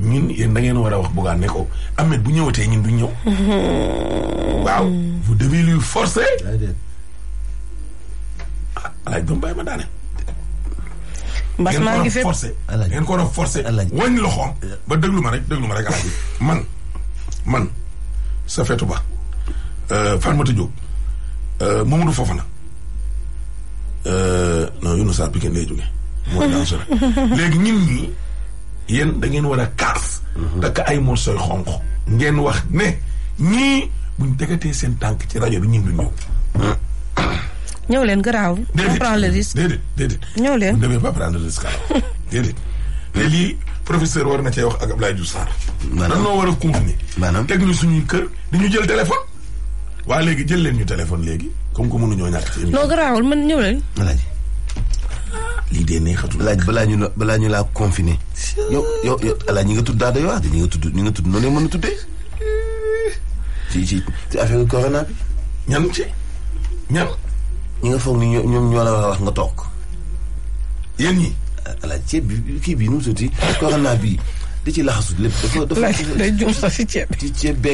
ñun yéen da ngeen war a wax Bougane ne ko Ahmed bu ñëwatee ñun du ñëw. waaw vous devez lui forcer. Ah, alaaj doom bàyyi ma daane. mbas maa ngi fépp ngeen loxoom ba déglu ma rek déglu ma rek alaaj man man sa fetu ba euh, Fatmata Diop euh, Mamadou Fofana euh, non Younoussa Pikine lay jóge. mooy dangereux léegi ñun yéen da ngeen war a kaas. takk ay morsoy xonq. ngeen wax ne ñii buñ tegatee seen tànk ci rajo bi ñun du ñëw. ñëw leen garaawul. déedéet on prend le risque. déedéet déedéet. ñëw leen on ne devait pas prendre le risque alors déedéet. te lii professeur war na cee wax ak Abdoulaye Diouf Sarr. maanaam noo war a continuer. maanaam teg ñu suñuy kër di ñu jël téléphone. waa léegi jël leen ñu téléphone léegi comme que mënuñoo ñàkk ci. non garaawul man ñëw leen. lii dee neexatul. laaj balaa ñu la balaa ñu la confiné. yow yow yow alaaj ñi nga tudd daa doy waar de ñi nga tudd ñi nga tudd noonu mën a tuddee. ci ci ci ñan ci ñan. ñi nga foog ni ñoom wax nga toog. yéen ñi. bii nu mu sotti di ci laxasu lépp dafa dafa. day juum sax si ceeb.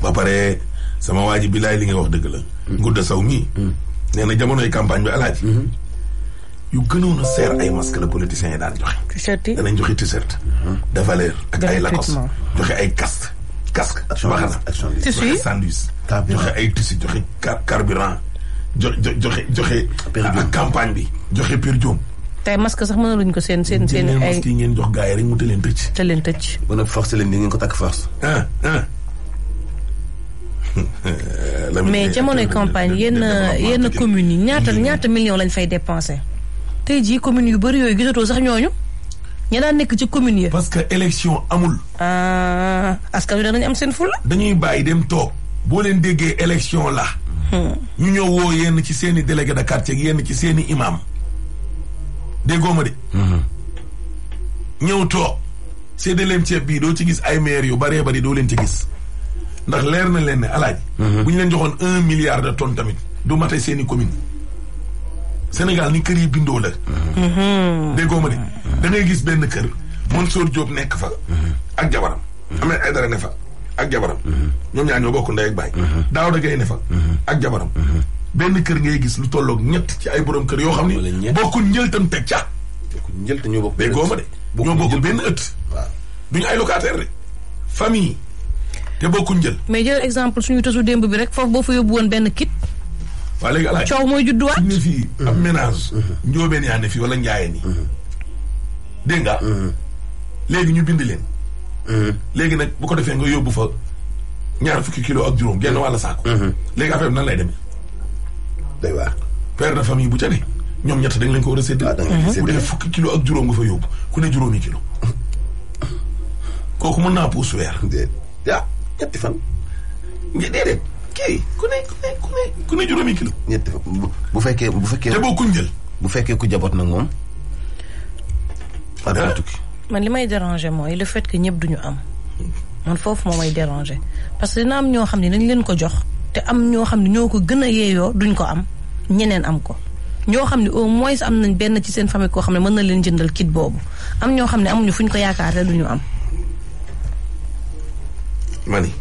ba pare. sama waa ji bilaay li ngay wax dëgg la. Ngouda saw mii. Hmm. nee na jamonoy campagne bi alaaji. Hmm. yu gënoon a seer ay masque la politiciens yi daan joxe. t-shirt joxe t-shirt. Hmm. de valeur ak ay lakos joxe ay casque casque ak baxana joxe sandwich joxe ay tissu joxe carburant jo joxe joxe. ak campagne bi joxe Pire Diop. tey masque sax mënaluñ ko seen seen seen. ay masque ngeen jox gars yi rek mu tëleen tëcc. tëleen tëcc. mën a forcé leen di ngeen ko takk force. ah, ah. mais jamonoy campagne yenn yenn communes yi ñaata ñaata millions lañ fay dépensé. tey jii communes yu bëri yooyu gisatoo sax ñooñu ña daan nekk ci communes yi. parce que élection amul. Ah, askan wi danañ am seen fula. dañuy bàyyi dem toog boo leen déggee élection la. Hmm. ñu ñëw woo yenn ci seen i délégué de quartier yenn ci seeni i imam déggoo ma de. Hmm. ñëw toog séddaleem ceeb bii doo ci gis ay maire yu baree bari doo leen ci gis. ndax leer na leen ne alaaj mhm. bu ñu leen joxoon un milliard de tamit du mate seeni i commune Sénégal ni kër yi bindoo la mhm. déggoo ma de mhm. da gis benn kër Mansour Diop nekk fa ak jabaram Ahmed Aïdara ne fa ak jabaram ñoom ñaar ñoo bokk ndey ak baay Daouda Gaye ne fa ak jabaram benn kër ngay gis lu tolloog ñett ci ay borom kër yoo xam ni bokkul njëltam teg ca njëlt ñoo bokk déggoo ma de ñoo bokk benn ëtt duñu ay locataire de famille te bokkuñ jël. mais jël exemple suñu tasu démb bi rek foofu boo fa yóbbu woon benn kit. waaw léegi alaaj coow mooy judduwaat ñu fii am mm-hmm. ménage. Mm-hmm. njóobeen yaa ne fii wala njaayeen yi. Mm-hmm. dégg nga. léegi ñu bind leen. léegi nag bu ko defee nga yóbbu fa ñaar fukki kilo ak juróom genn wàll saako. léegi affaire bi nan lay demee. day waar père de famille bu ca ñoom ñett dañ leen ko war a séddale. bu ah, dee fukki kilo ak juróom nga fa yóbbu ku ne juróomi kilo. kooku mën naa pousse weer. ñetti fan. mais kii ku ne ku ne ku ne ku ne juróomi kilo. ñetti fan bu fekkee bu fekkee. te bokkuñ jël. bu fekkee ku jaboot nag moom. dara ah. tukki. man li may déranger mooy le fait que duñu am man foofu moo may déranger parce que dina am ñoo xam ne dañ leen ko jox te am ñoo xam ne ñoo ko gën a yeeyoo duñ ko am ñeneen am ko. ñoo xam ne au moins am nañ benn ci seen famille koo xam ne mën na leen jëndal kit boobu am ñoo xam ne amuñu fuñ ko yaakaar te duñu am. ma ni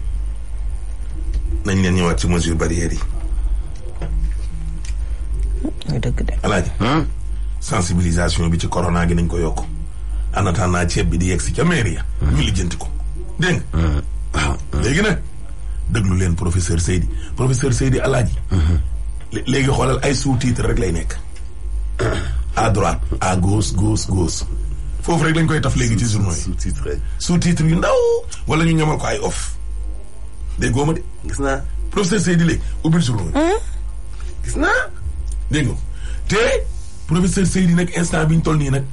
nañ leen ñëwaat ci mesure barrière yi. muy dëgg hmm? sensibilisation bi ci corona gi nañ ko yokk en naa ceeb bi di yegg si ca mairie ya. Hmm. ñu lijjanti ko dégg nga. waaw hmm. ah, léegi nag déglu leen professeur Seydi professeur Seydi alaaji. léegi xoolal ay sous-titres rek lay nekk. à droite à gauche gauche gauche. foofu rek lañ koy taf léegi ci journaux yi sous-titres yu ndaw wala ñu ñamal ko ay off. day góoma de gis naa professeur Seydi léegi ubbil journaux hmm? gis naa dégg nga te professeur Seydi nag instant bi ñu toll nii nag.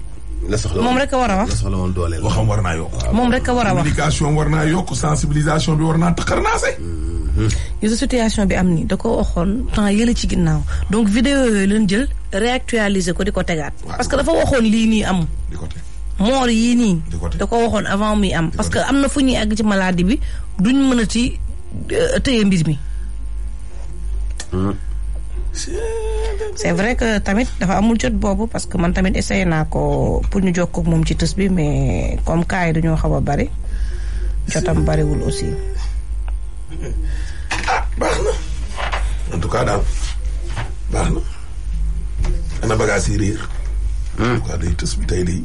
la soxla moom rek a war a wax la soxla woon waxam war naa yokk. moom wax communication war naa yokk sensibilisation bi war naa taxar naa se. gis situation bi am ni da ko waxoon temps yële ci ginnaaw donc vidéo yooyu leen jël réactualiser ko di ko tegaat. parce que dafa waxoon lii nii am. di ko teg moor yii nii. da ko waxoon avant muy am. parce que am na fu ñuy àgg ci maladie bi duñ mënati. Euh, tëye mbir mi. c'est vrai que tamit dafa amul jot boobu parce que man tamit essayé naa ko pour ñu jot ko moom ci tës bi mais comme kaay dañoo xaw a bari jotam bariwul aussi. ah baax na en tout cas daal baax na. ana bagaas yi réer. Hmm. tës bi tey day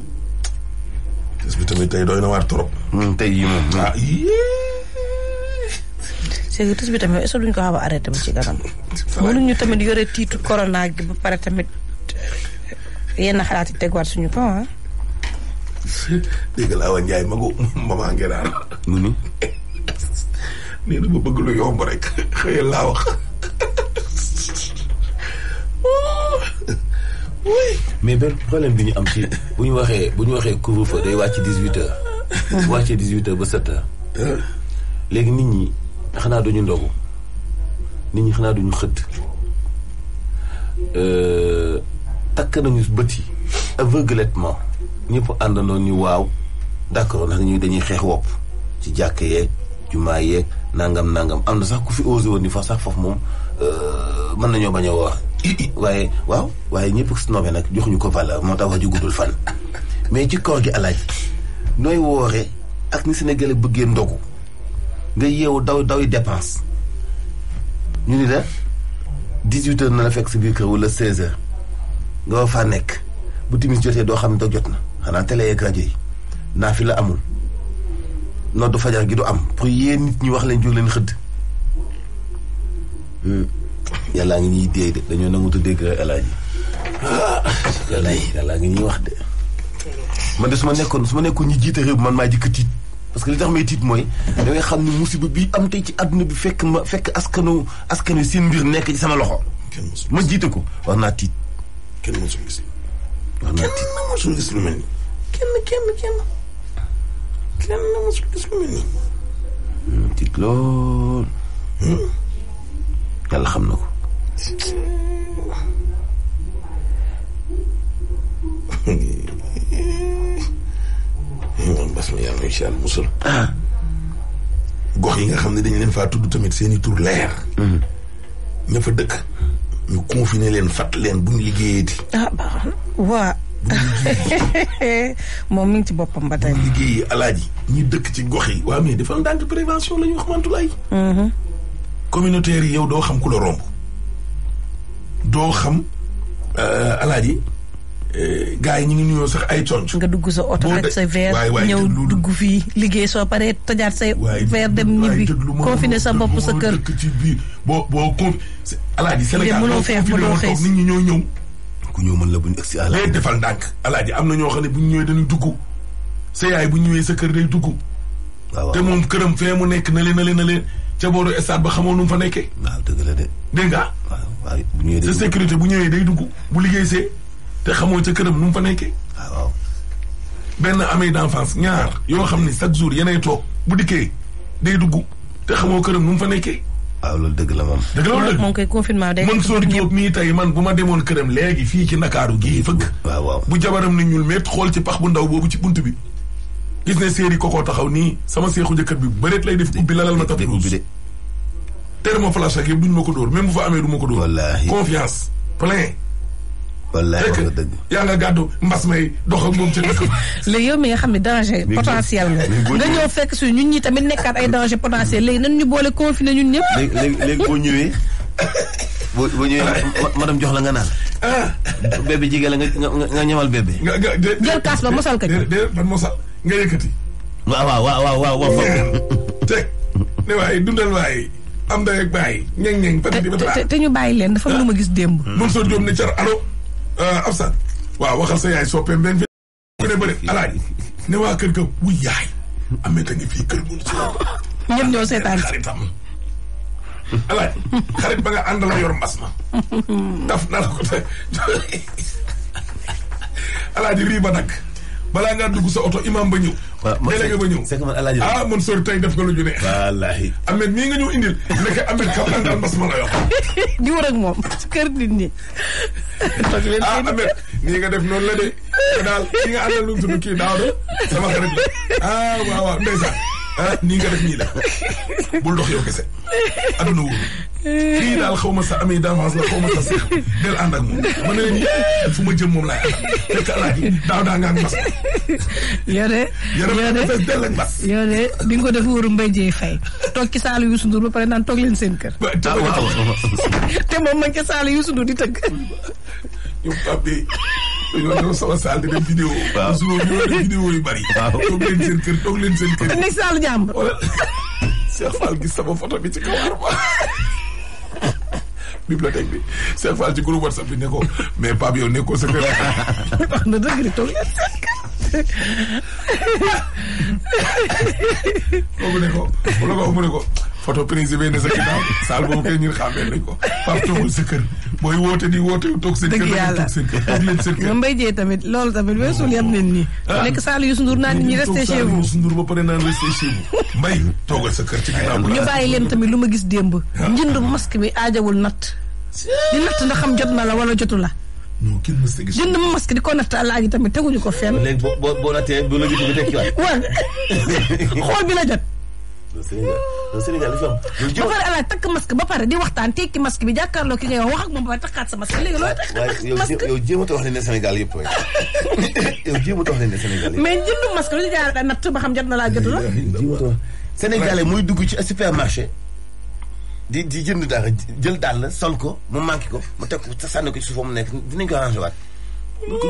tës bi tamit tey na waar trop. Hmm, tey yi moom hmm. ah yee. c'est que tis bi tamit est-ce que duñ ko xaw a arrêté ba ci kanam. mënuñu tamit yore tiitu corona gi ba pare tamit euh, yenn xalaat yi teguwaat suñu kaw ah. dégg nga Awa Ndiaye magu maman Ngeraar. mu ni. nee na bëgg lu yomb rek xëy laa wax. mais benn problème bi ñu am ci bu ñu waxee bu ñu waxee couvre-feu day wàcc dix-huit heures. bu wàccee dix-huit ba sept heures. léegi nit ñi. xanaa duñu ndogu nit ñi xanaa duñu xëdd euh, takk nañu bët yi aveuglement ñëpp àndandoo ñu waaw d'accord ndax ñuy dañuy xeex wopp ci jàkk yee jumaa yee nangam nangam am na sax ku fi osé woon ni fa sax foofu moom euh, mën nañoo bañ a wax waaye waaw waaye ñëpp snobé nag joxuñu ko valeur moo tax wax ju guddul fan mais ci koor gi alaaj nooy woore ak ni Sénégalais bëggee ndogu nga yeewu daw daw yi dépense ñu ni de dix-huit na la fekk si biir kër wala seize heures nga faa nekk bu timis jotee doo xam ne da jot na xanaa télé yeeg rajo naa fi la amul du fajar gi du am pour yéen nit ñi wax leen jóg leen xëdd hmm. yàllaa ngi ñuy déey de dañoo nanguta dégg rek alaaji yàllaa ngi ñuy wax de man de su ma nekkoon su ma nekkoon ñi jiite réew man maa jëkk tiit parce que li tax may tiit mooy da ngay xam ne musiba bi am tey ci àdduna bi fekk ma fekk seen mbir nekk ci sama loxo. ma jiite ko war naa tiit. war naa tiit kenn mosul gis lu mel nii. kenn kenn kenn kenn mosul gis lu mel nii. Hmm, hmm? xam na ko. noonu mbas mi yàlla nañu si gox yi nga xam ne dañu leen faa tamit seen i tur hmm. fa dëkk ñu confiné leen fat leen buñ liggéeyati ah baax moom mi ngi ci boppam ba liggéey buñ liggéeyi alaaji ñi dëkk ci gox yi waa mais defal ndànk prévention la ñu xamantulaay mm-hmm. communautaire yi yow doo xam ku la romb doo xam euh, alaaji Eh, gars yi ñu ngi nuyoo sax ay conc nga dugg sa oto ak sa verre ñëw dugg fii liggéey soo paree tojaat say verre dem ñibbi confiné sa bopp sa kër ci biir boo boo confi alaaji Sénégal mënoo feex mënoo xees nit ñi ñoo ku ñëw mën la bu ñu agsi alaaji defal ndànk alaaji am na ñoo xam ne bu ñu ñëwee dañuy dugg sa yaay bu ñëwee sa kër day dugg te moom këram fee mu nekk na leen na leen na leen ca booru stade ba xamoon nu mu fa nekkee waaw dëgg la de dégg nga sa sécurité bu ñëwee day dugg bu liggéey see te xamoo ca këram nu mu fa nekkee. Ah, waaw benn amee d'enfance ñaar yoo xam ne chaque jour yeneen toog bu dikkee day duggu te xamoo këram nu mu fa nekke waaw ah, loolu dëgg la moom. dëgg loolu dëgg moom kay confinement day man soo jóob tey man bu ma demoon këram léegi fii ci Ndakaaru gii fëgg. waaw waaw bu jabaram ni ñuul métt xool ci pax bu ndaw boobu ci bunt bi. gis séeri kokoo taxaw nii sama seexu jëkkër bi bëreet lay def ubbi lalal ma tapis rouge. termoflash ak yëpp duñ ma ko dóor même bu fa amee du ma ko dóor. wallaahi confiance plein. wallaay wax dëgg yaa nga gàddu mbas may dox ak moom ca dëkk léegi yow mi nga xam ne danger potentiel nga nga ñëw fekk su ñun ñi tamit nekkaat ay danger potentiel léegi nan ñu boole confiné ñun ñëpp léegi léegi boo ñëwee boo boo ñëwee jox la nga naan ah. bébé jigéen la nga nga ñamal bébé jël kaas ba mosal ka ci déedéet ban mosal nga yëkkati waaw waaw waaw waaw waaw teg ne waaye dundal waaye am da rek bàyyi ñeŋ ñeŋ te ñu bàyyi leen dafa am lu ma gis démb mun soo jóom ne car alo Euh, Absa waaw waxal sa yaay soppeem benn fi ne bële alaaji ne waa kër ga wuy yaay ameta ngi fii kër gun si ñëpp ñoo seetaan xaritam alaaji xarit ba nga ànd la yor mbas ma daf na la ko te alaaji rii ba nag balaa ngaa dugg sa oto imam ba ñëw. waaw délégué ba ñëw. c'est que man alaaji ah man sori tey def nga lu ñu ne. wallaahi. Ahmed mii nga ñëw indil nekk Ahmed kam àndal mbas ma la ah, nii nga def noonu la de daal ki nga àndal lu mu tudd kii daaw de sama xarit la ah waaw waaw ndeysaan. ah nii nga def nii la bul dox yow kese adduna wóor kii daal xaw ma sax amee d'avance la xaw ma sa seex del ànd ak moom ma ne leen fu ma jëm moom daa nga ak mbas. yoo de yoo de fees del ak mbas. yoo de di nga ko def wóoru ci saalu Youssou Ndour ba pare naan toog leen seen kër. te moom ma nga saalu Youssou Ndour di tëgg. yow Pape dañoo ñëw saal di def vidéo. waaw suba bi ñoo def yu bari. waaw toog leen seen kër toog leen seen kër. nekk saalu jàmbur. wala Cheikh gis sama photo bi ci kawar ba. bibliothèque bi Cheikh Fall ci groupe WhatsApp bi ne mais Pape yow nekkoo sa na dëgg de toog leen seen kër. kooku ne ko mu ko mu ne photo présumé na sa ginnaaw saal boobu kay ñun xàmmee nañ ko Pape toogal sa kër booy woote di woote toog seen kër. dëgg yàlla toog leen seen kër. mbay jee tamit loolu tamit weesul yem leen nii. Ah. nekk saal Youssou Ndour naan ñi resté chez vous. Youssou Ndour naan resté sa kër ci ginnaaw. ñu bàyyi leen tamit lu ma gis démb. Ah. njëndu masque mi aajawul natt. di natt ndax xam jot na la wala jotu la. non kenn mës a gis. jënd masque di ko natt àllaaji tamit teguñu ko fenn. léegi boo bi la jot. Sénégal Sénégal li fi am. ba pare alaaj takk masque ba pare di waxtaan tekki masque bi jàkkaarloo ki ngay wax ak moom ba pare takkaat sa masque léegi loolu takk masque yow jéemata wax ne Sénégal yëpp Sénégal yëpp. mais jëndu masque lu jaar natt ba xam laa jotul ah? muy dugg ci supermarché di di jënd dara jël dàll sol ko mu manqué ko mu teg ko sànni ko ci mu nekk dinañ ko arrangé waat.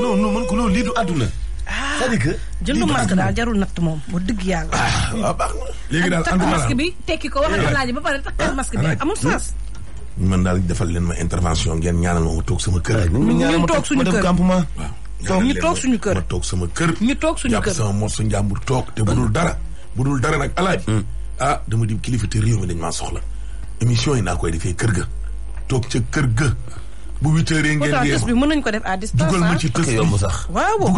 non non man ko loolu lii du àdduna. Ah, c'est-à-dire que. jëndu masque daal jarul natt moom wax dëgg yàlla. Ah, waaw léegi daal takk masque bi tekki ko waxal laaj ba pare takk masque bi amul sens. Hmm. man daal defal leen ma intervention ngeen ñaanal ma ma toog sama kër. ñu toog suñu kër campement waaw. ñu toog suñu kër ma toog sama kër. ñu toog suñu kër jàpp sama morso njàmbur toog te budul dara. budul dara nag alaaj hmm. ah dama di kilifa te réew mi dañ soxla émission yi naa koy defee kër ga toog ca kër gë bu huit heures yi ngeen ngeen pourtant bi ko def à distance ah. wax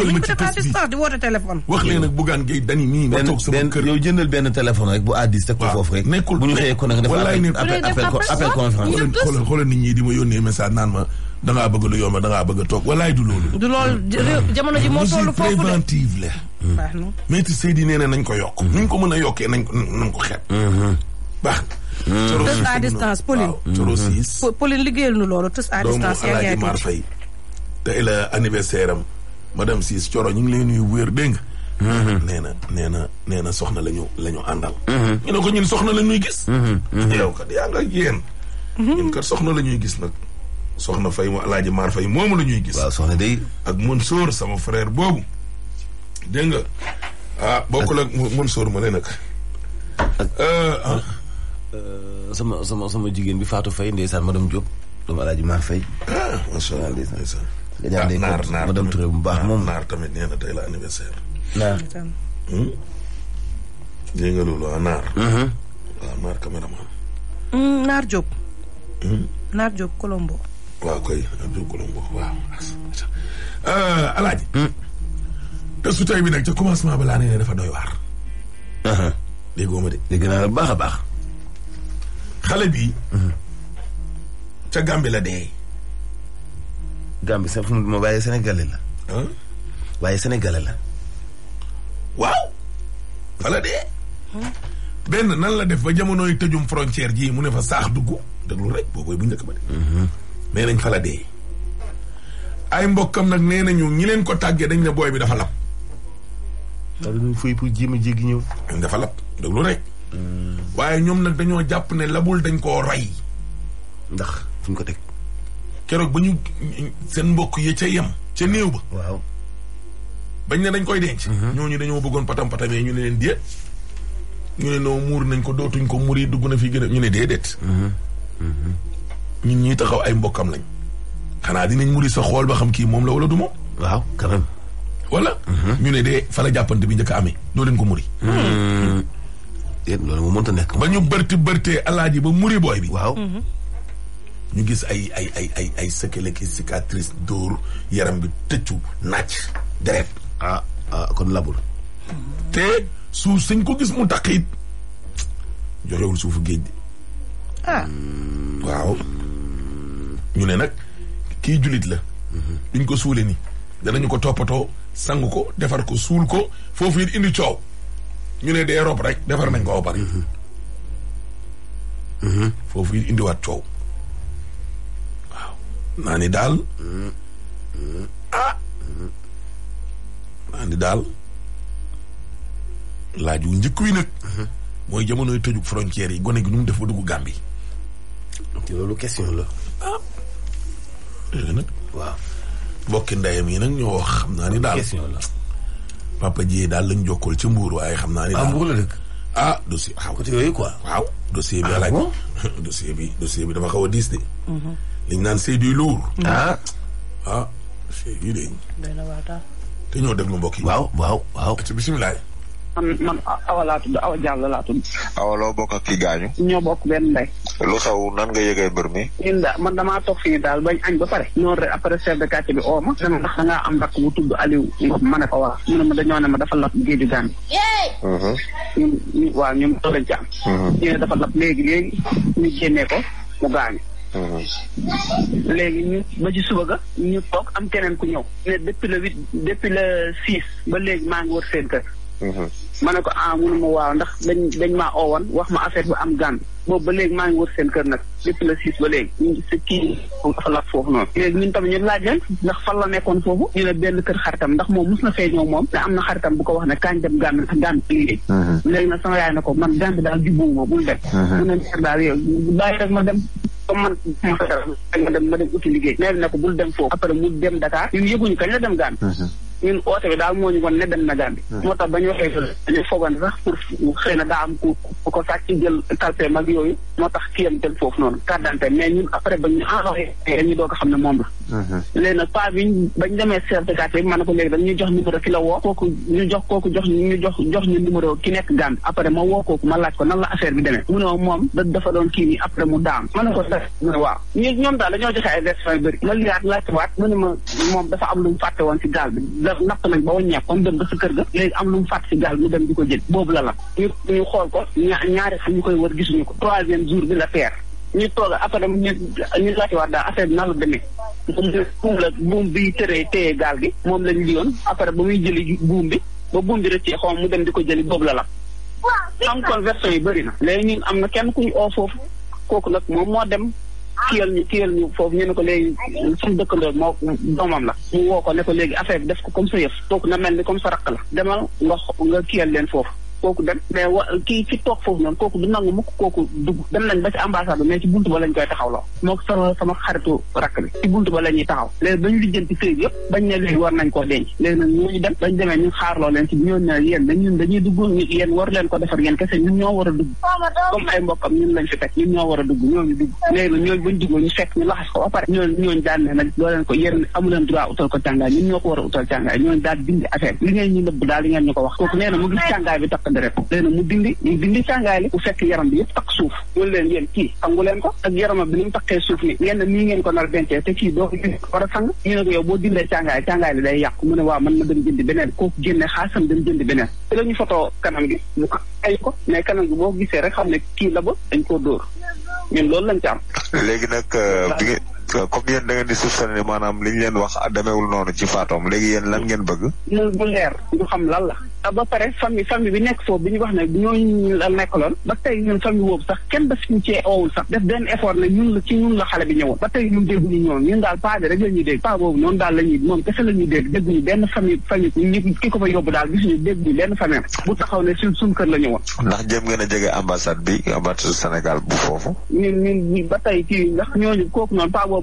leen nag Bougane Gueye Dany nii ma toog sama kër yow jëndal benn téléphone bu à dix teg ko foofu rek nekkul bu ñu xëyee ko nag def appel appel conférence xoolal xoolal nit ñi di ma yónnee message naan ma da ngaa bëgg lu yomb da ngaa bëgg a toog walaay du loolu du loolu hmm. na nañ ko yokk hmm. nuñ ko mën a yokkee nañ ko nañ ko xeeb hmm, baax tës à distance Pauline. coro siis Pauline liggéeyal nu loolu tës à distance. Alaaji Mar Fay tey la anniversaire am madame siis coro ñu ngi lay nuyu wér dégg nga mm-hmm. nee na nee na nee na soxna la ñu la ñu àndal. Mm-hmm. ñu ne ko ñun soxna la ñuy gis. Mm-hmm. yow kat yaa nga yéen. ñun kat soxna la ñuy gis nag. soxna fay mu alaaji maar fay moomu la ñuy gis. waaw soxna day ak Mansour sama frère boobu. dégg nga ah bokkul ak Mansour ma ne nag. Euh, ah. Euh, sama sama sama jigéen bi Fatou Faye ndeysaan madame Diop doomu alaaji Mar Faye. Ah, macha naar naar naar madame bu baax moom naar tamit nee na la anniversaire. naar. Hmm? dégg Colombo. waaw koy naar Diop Colombo waaw. Mm. Euh, alaaji. te su bi nag commencement ba laa ne dafa doy waar. Uh-huh. déggoo ma de. dégg naa baax a baax. xale bi. Mhm. ca Gàmbi la dee. Gàmbi sax fu mu waaye Sénégalais la. waaye Sénégalais la. waaw. fa la benn nan la def ba jamonoy tëjum frontière jii mu ne fa saax dugg déglu rek boobu bu njëkk ba de. Mhm. nee nañ fala la ay mbokkam nag nee nañu ñi leen ko tàggee dañ ne booy bi dafa lab. daal pour jéem a jéggi ñëw. dafa lab déglu rek. waaye ñoom nag dañoo jàpp ne labul dañ koo rey. ndax fu ñu ko teg. keroog ba ñu seen mbokk yi ca yem ca néew ba. waaw bañ ne dañ koy denc. Mhm. ñooñu dañoo bëggoon patam patamee ñu ne leen ñu ne noo muur nañ ko dootuñ ko muri dugg na fi gën a ñu ne déedéet. Mhm. Mhm. ñun ñuy taxaw ay mbokkam lañ. xanaa dinañ muri sa xool ba xam kii moom la wala du moom. waaw quand même. ñu ne dee fa la jàppante bi njëkk a amee doo ko muri. Eh, loolu moo mënta nekk. ba ñu bërti bërtee alaaji ba muri booy bi. waaw. Mhm. ñu gis ay ay ay ay ay sëkkale ki cicatrice dóor yaram bi tëccu naaj. deret ah, ah kon labul. te suuf suñ ko gis mu takk it joxewul suufu géej gi. Ah. Hmm. waaw ñu ne nag kii julit la. Mhm. duñ ko suule nii. danañu ko toppatoo sangu ko defar ko suul ko foofu it indi coow. ñu ne dee rob rek defar nañ ko ba pare. Mhm. Mhm. foofu indiwaat coow. waaw ni daal. ah. naa daal laaj wu njëkk wi nag. Mhm. mooy jamonoy tëjub frontière yi gone gi ñu mu def ba dugg Gambie. te loolu la. ah. nag. waaw mbokki ndeyam yi nag ñoo wax xam naa ni daal papa Dieye daal lañ jokkool ci mbuur ay xam naa ni ah, la dëkk ah dossier xaw côté yooyu quoi waaw dossier bi alaaj ah, dossier bi dossier bi dafa xaw a diis de mhm. liñ naan c'est du lourd mhm. ah ah c'est du de te ñoo déglu mbokk yi waaw waaw waaw bisimilaay man man awa laa tudd awa jàll laa tudd. awa loo bokk ak kii gaañu. ñoo bokk benn ndey. lu xaw nan nga yëgee mbir mi. man damaa toog fii daal ba añ ba pare. noonu rek après chef de quartier bi oo ma. dama ndax da ngaa am rakk bu tudd ma ne ko waa. mu ne ma dañoo ne ma dafa lab géeju gaan. Mhm. ñun ñu waaw ñun loolu lañ ci am. Mhm. ñu dafa lab léegi léegi ñu génnee ko mu gaañu. Mhm. léegi ñu ba ci suba ga ñu toog am keneen ku ñëw. ne depuis le huit depuis le six ba léegi maa ngi wër seen kër. Mhm. ma ne ko ah munuma waaw ndax dañ dañ maa oowoon wax ma affaire bu am gan boobu ba léegi maa ngi wër seen kër nag depuis le six ba léegi ñu ngi na kii dafa laaj foofu noonu léegi ñun tamit ñu laaj ndax fan la nekkoon foofu ñu ne benn kër xaritam ndax moom mus na fee ñëw moom te am na xaritam bu ko wax ne kaañ dem gàmbi ndax gàmbi liggéey mhm. léegi nag sama yaay na ko man gàmbi daal jubbuwuma bul dem mhm. mu ne daal yow bàyyi rek ma dem comme man ma fexe dem ma dem uti liggéey maire ne ko bul dem foofu après mu dem Dakar ñun yëguñu kañ la dem Gàmbi mhm. ñun oote bi daal moo ñu woon ne dem na Gàmbi mhm. moo tax ba ñu waxee dañu foogoon sax pour xëy na daa am ku ko sàcc jël kalpe mag yooyu moo tax kiyam dem foofu noonu kàddante mais ñun après ba ñu ah, envoyé ñu doog a xam ne moom la Mm-hmm. léegi nag paa bi bañ demee chef de quartier bi ma ne ko léegi dañ ñu jox numéro ki la woo kooku ñu jox kooku jox ñu jox jox ñu numéro ki nekk Gàmbi après ma woo kooku ma laaj ko nan la affaire bi demee mu ne ma moom da dafa doon kii nii après mu daam mu ne waaw ñoom daal dañoo joxe ay version yu bëri ma liyaat laajte waat mu ne ma moom dafa am lu mu fàtte woon si gaal bi da napp nañ ba waññeek comme dem ba sa kër ga léegi am lu mu fàtte si gaal bi mu dem di ko jël boobu la la ñu ñu xool ko ñaari fan ñu koy wër gisuñu ko troisième jour bi la teer ñu toog après ñu ñu laajtewaat daal affaire bi nan la demee. buum la buum bi tëree téye gaal gi moom lañ liyoon après ba muy jëli buum bi ba buum bi rëccee xaw mu dem di ko jëli boobu la la. am kon version yi bëri na. léegi ñun am na kenn ku ñu oo foofu kooku nag moom moo dem kiyal ñu kiyal ñu foofu ñu ne ko léegi suñu dëkkandoo moo doomam la. mu oo ko ne ko léegi affaire bi def ko comme sa yëf. kooku na mel ni comme sa rakk la. demal nga nga kiyal leen foofu. kooku dem mais wa kii ci toog foofu noonu kooku du nangu dem nañ ba ci ambassade bi ci buntu ba lañ koy taxawloo moo sama sama xaritu rakk bi ci buntu ba la taxaw léegi bañu ñu xaarloo a dugg comme ay mbokkam a dugg ñooñu dugg léegi nag ñooñu bañ duggoo ñu fekk ñu laxas ko ba pare ñooñu ñooñu daan ne nag doo leen ko yéen amu leen droit utal ko càngaay ñun ñoo ko war a utal càngaay ñooñu daal bindi affaire li ngeen ñu nëbb daal li ngeen ñu ko wax kooku nee na mu gis càngaay bi takk deret ko léena mu dindi mu dindi càngaay li u fekk yaram bi yëpp takk suuf wala leen yéen kii sangu ko ak yaramam bi ni mu takkee suuf ni ngeen ne nii ngeen ko nar dencee te kii doo war a sang ñu ne ko yow boo dindee càngaay càngaay li day yàqu mu ne waaw mën na dem jëndi beneen kooku génne xaasam dem jëndi beneen te la ñu photo kanam gi mu ay ko mais kanam gi boo gisee rek xam ne kii la ba dañ koo dóor ñun loolu lañ ci am léegi nag euh, comme yéen da ngeen di suuf seen maanaam li ñu leen wax demeewul noonu ci faatoom léegi yéen lan ngeen bëgg. ñun bu leer ñu xam lan la. te ba pare famille famille bi nekk foofu bi ñu wax ne ñooñu la nekkaloon ba tey ñun famille boobu ñoom ñun daal paa bi rek la dégg paa boobu noonu daal la moom kese la ñuy dégg dégguñu benn famille famille ki ko fa yóbbu daal gisuñu dégguñu benn famille bu taxaw ne suñ kër la ñëwoon ndax jëm ngeen a jege ambassade bi ambassade Sénégal bu foofu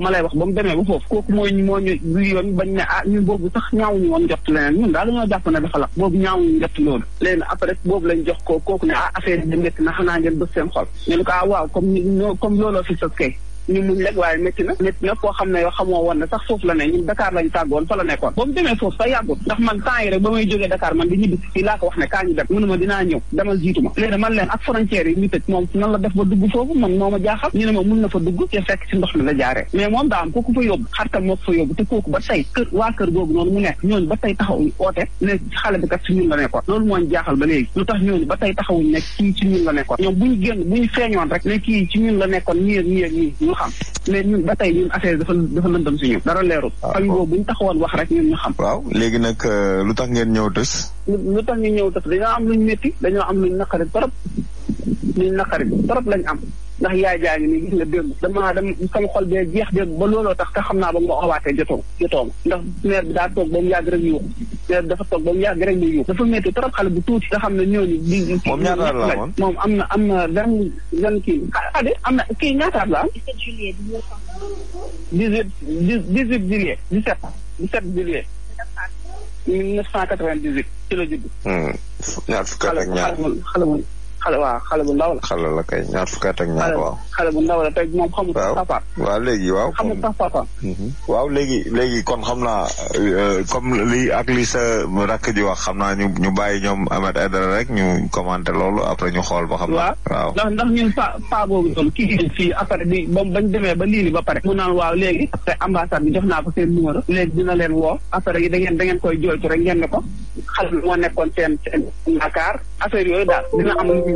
ma lay wax ba mu demee ba foofu kook mooy moo ñu lu yoon bañ ne ah ñun boobu sax ñaawuñu woon jot leneen ñun daal dañoo jàpp ne dafa laq boobu ñaawuñu jot loolu léegi après boobu lañ jox ko kooku ne ah affaire bi métti na xanaa ngeen bës seen xol ñu ne ko ah waaw comme comme looloo fi sos kay ñu muñ rek waaye métti na métti na foo xam ne yoo xamoo woon ne sax suuf la ne ñun Dakar lañ tàggoon fa la nekkoon ba mu demee foofu sax yàggut ndax man temps yi rek ba may jógee Dakar man di ñibbi fii laa ko wax ne kaa ñu dem mënu dinaa ñëw demal jiitu léegi man leen ak frontière yi ñu tëj moom nan la def ba dugg foofu man moo ma jaaxal ñu mun na fa dugg te fekk ci ndox mi la jaaree mais moom daa kooku fa yóbbu xaritam moo fa yóbbu xam mais ñun ba tey ñun affaire dafa dafa lëndëm si ñun dara leerul ah, famille boobu buñ taxawoon wax rek ñun ñu xam waaw léegi nag euh, lu tax ngeen ñëw tës lu tax ñu ñëw tës dañoo am luñ métti dañoo am luñ naqari trop luñ naqari trop lañ am ndax yaay jaa ngi nii gis nga démb damaa dem sama xol bee jeex démb ba looloo tax te xam naa ba mu ma xawaatee jotoo jotoo ndax maire bi daa toog ba mu yàgg rek yuux maire bi dafa toog ba mu yàgg rek di yuux dafa métti trop xale bu tuuti nga xam ne ñooñu di moom ñaataat la woon moom am na am na vingt vingt kii ade am na kii ñaataat la am dix-sept juillet dix-huit juillet dix-sept dix-sept juillet 1998 ci la judd hmm. ñaar fukk ak ñaar xale xale waaw xale bu ndaw la. xale la kay ñaar fukki at ak ñaar waaw. xale bu ndaw la tey moom xamul papa. waaw léegi waaw. xamul sax papa. Mhm. waaw léegi léegi kon xam naa euh, comme lii ak li sa rakk ji wax xam naa ñu ñu bàyyi ñoom Ahmed Aidara rek ñu commenté loolu après ñu xool ba xam. waaw waaw ndax ndax ñun pa pa boobu noonu kii ngeen après ba demee ba lii ba pare. mu naan waaw léegi. après ambassade bi jox naa ko seen numéro. léegi dina leen woo. après yi da ngeen da ngeen koy jooytu rek ngeen ne ko xale moo nekkoon seen seen affaire yooyu daal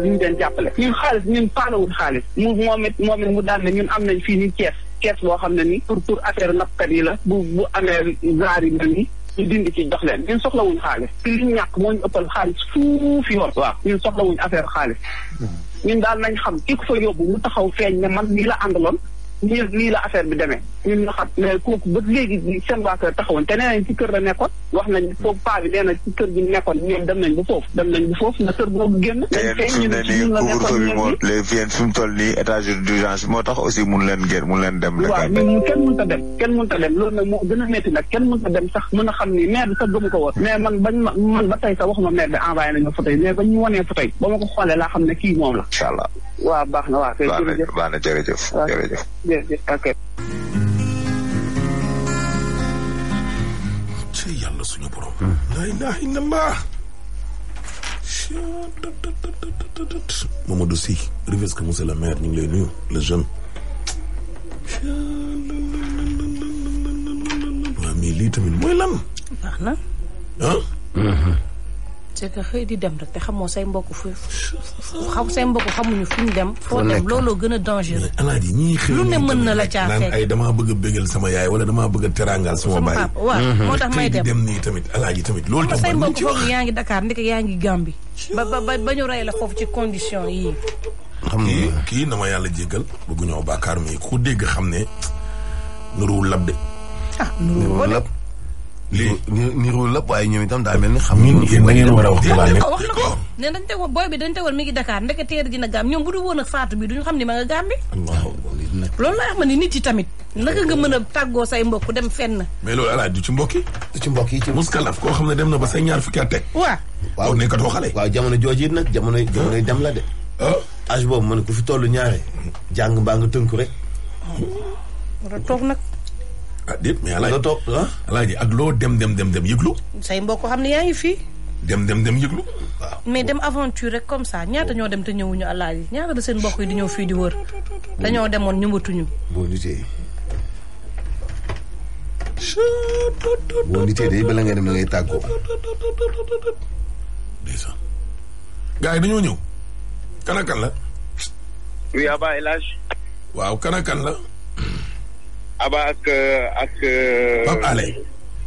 bi ñu leen jàppale ñun xaalis ñun faalawul xaalis mu moom moom it mu daal ñun am nañ fii nii kees kees boo xam ne ni pour pour affaire nappkat yi la bu bu amee zaar yi mel ñu dindi ci jox leen ñun soxlawuñ xaalis ci li ñu ñàkk moo ñu ëppal xaalis fuuf yoon waaw ñun soxlawuñ affaire xaalis hmm. ñun daal nañ xam ki ko fa yóbbu mu taxaw feeñ ne man nii la àndaloon lii lii la affaire bi demee ñun ñu xam mais kooku ba léegi seen waa kër taxawoon te nee nañ kër la nekkoon wax nañ foofu paa bi nee na ci foofu dem nañ bu foofu na kër boobu génn tey moo tax aussi mun leen leen dem waaw ñun kenn kenn mënut a dem sax a xam ni maire bi sax gëmu ko woon mais man bañ ma man xam ne kii moom la waaw baax na waa kay jërëjëf baax na jërëjëf jërëjëf ok ci yàlla suñu borom hmm. la ilaha illallah Mamadou Sy ñu ngi lay nuyu la jeune waaw mais lii tamit mooy lan baax na ah c'est que xëy di dem rek te xamoo say mbokk fu xam say mbokk xamuñu fu ñu dem. foo dem looloo gën a dangereux. alaaji ñii xëy lu ne mën na la caa fekk ay damaa bëgg a bégal sama yaay wala damaa bëgg a teraangal sama baay. sama papa waaw mhm. moo tax may dem nii tamit alaaji tamit. loolu tamit say mbokk foofu yaa ngi Dakar yaa ngi Gambie. ba ba ba la foofu ci condition yii. xam kii kii na ma yàlla jéggal bëgguñoo bàkkaar mi ku dégg xam ne nuruwul lab de. Ah, nuruwul lab lii niru lépp waaye ñoom itam xam ngeen da ngeen war a wax wax na ko ne dañ tegoon booy bi dañ tegoon mi ngi Dakar ndeke teer dina gàm ñoom bu du woon ak faatu bi duñu xam ne ma nga gàm bi loolu laa xam ne nit yi tamit naka nga mën a tàggoo say mbokk dem fenn mais loolu alaaj du ci mbokk yi du ci mbokk yi ci muskalaf koo xam ne dem na ba say ñaar fukki at teg waaw waaw nekkatoo xale waaw jamono jooju it nag jamono jamonoy dem la de ah. âge man ku fi toll ñaare jàng mbaa nga tënku rek war a toog ah déet mais alaaji nga ah. ak loo dem dem dem dem yëglu. say mbokk xam ne yaa ngi fii. dem dem dem yëglu waaw. mais dem aventure rek comme ça ñaata ñoo dem te ñëwuñu alaaji ñaata de seen mbokk yi di ñëw fii di wër. dañoo demoon ñëmbatuñu. boo nitee. boo nitee de bala nga dem da ngay tàggoo. ndeysaan. yi dañoo ñëw. kan la. waaw kan la. Aba ak ak.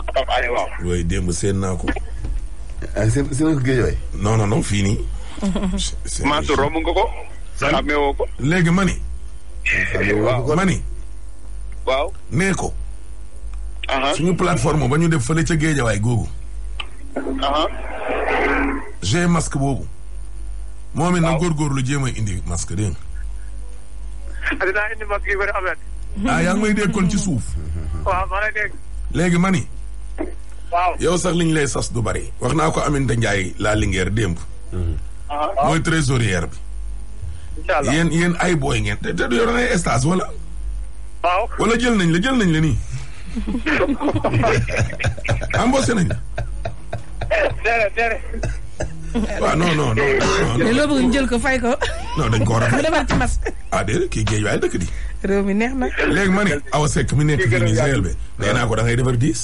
Pape waaw. oui démb seen naa ko. ah seen géej non non non fii nii. Mansour romb nga ko. sàmmee woo léegi mani. mani. waaw nee ko. Uh-huh. suñu plateforme ba ñu def fële ca géejawaay googu. Uh-huh. j'ai masque boobu. moom it na góorgóorlu jéem indi masque dégg ah yaa ngi may dégg kon ci suuf. waaw léegi ma ni. waaw yow sax liñ lay sas du bari. wax naa ko Aminata Ndiaye laa lingeer démb. Ah, mooy trésorière bi. incha allah yéen yéen ay booy ngeen te te du yor ay stage waaw wala jël nañ la jël nañ la nii. embauché nañ la. déedéet déedéet. waaw non non non. loo bëgg ñu ko fay ko. non dañ ko war mu defar ci masque. ah déedéet kii géej waaye dëkk di. réew mi neex na. léegi ma ne a sekk mi nekk fii nii Seyel bi nee naa ko da ngay defar diis.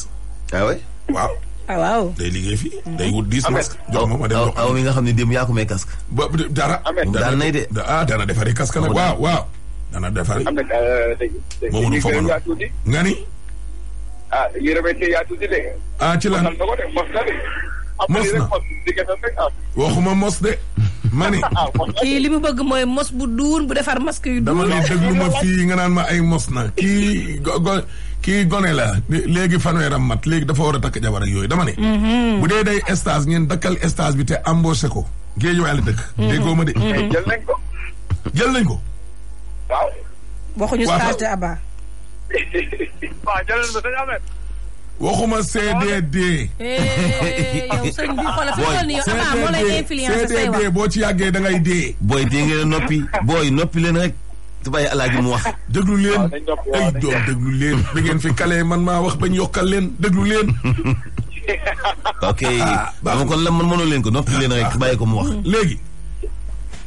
ah oui ah, waaw. day liggéey fi day wut diis masque jox ma ma dem jox aw nga xam ne démb yaa ko may casque. ba dara. daan nay de ah dana defaree casque nag waaw waaw. dana defaree. am na moomu foog nga nga ni. ah yërëmante yaa tuuti de. ah ci lan. mos na waxuma mos de mani. Ah, kii li mu bëgg mooy mos bu duun bu defar masque yu duun. dama lay déglu ma fii nga naan ma ay mos na kii go go kii gone la léegi fanweeram mat léegi dafa war a takk jabar yooyu dama ne. Mhm. bu dee day stage ngeen dakkal stage bi te embauché ko. géej waay dëkk. Mhm. déggoo ma de. Mhm. jël nañ ko. jël nañ ko. waaw. waxuñu stage Aba. waxuma CDD. yow sëñ boo ci yàggee da ngay dee. booy dee ngeen noppi booy noppi leen rek. su bàyyi mu wax. déglu leen ay doom déglu ngeen fi kale man maa wax bañ yokkal leen déglu leen. ok dama ah, kon la man mënoo leen ko noppi leen rek bàyyi ko mu wax. léegi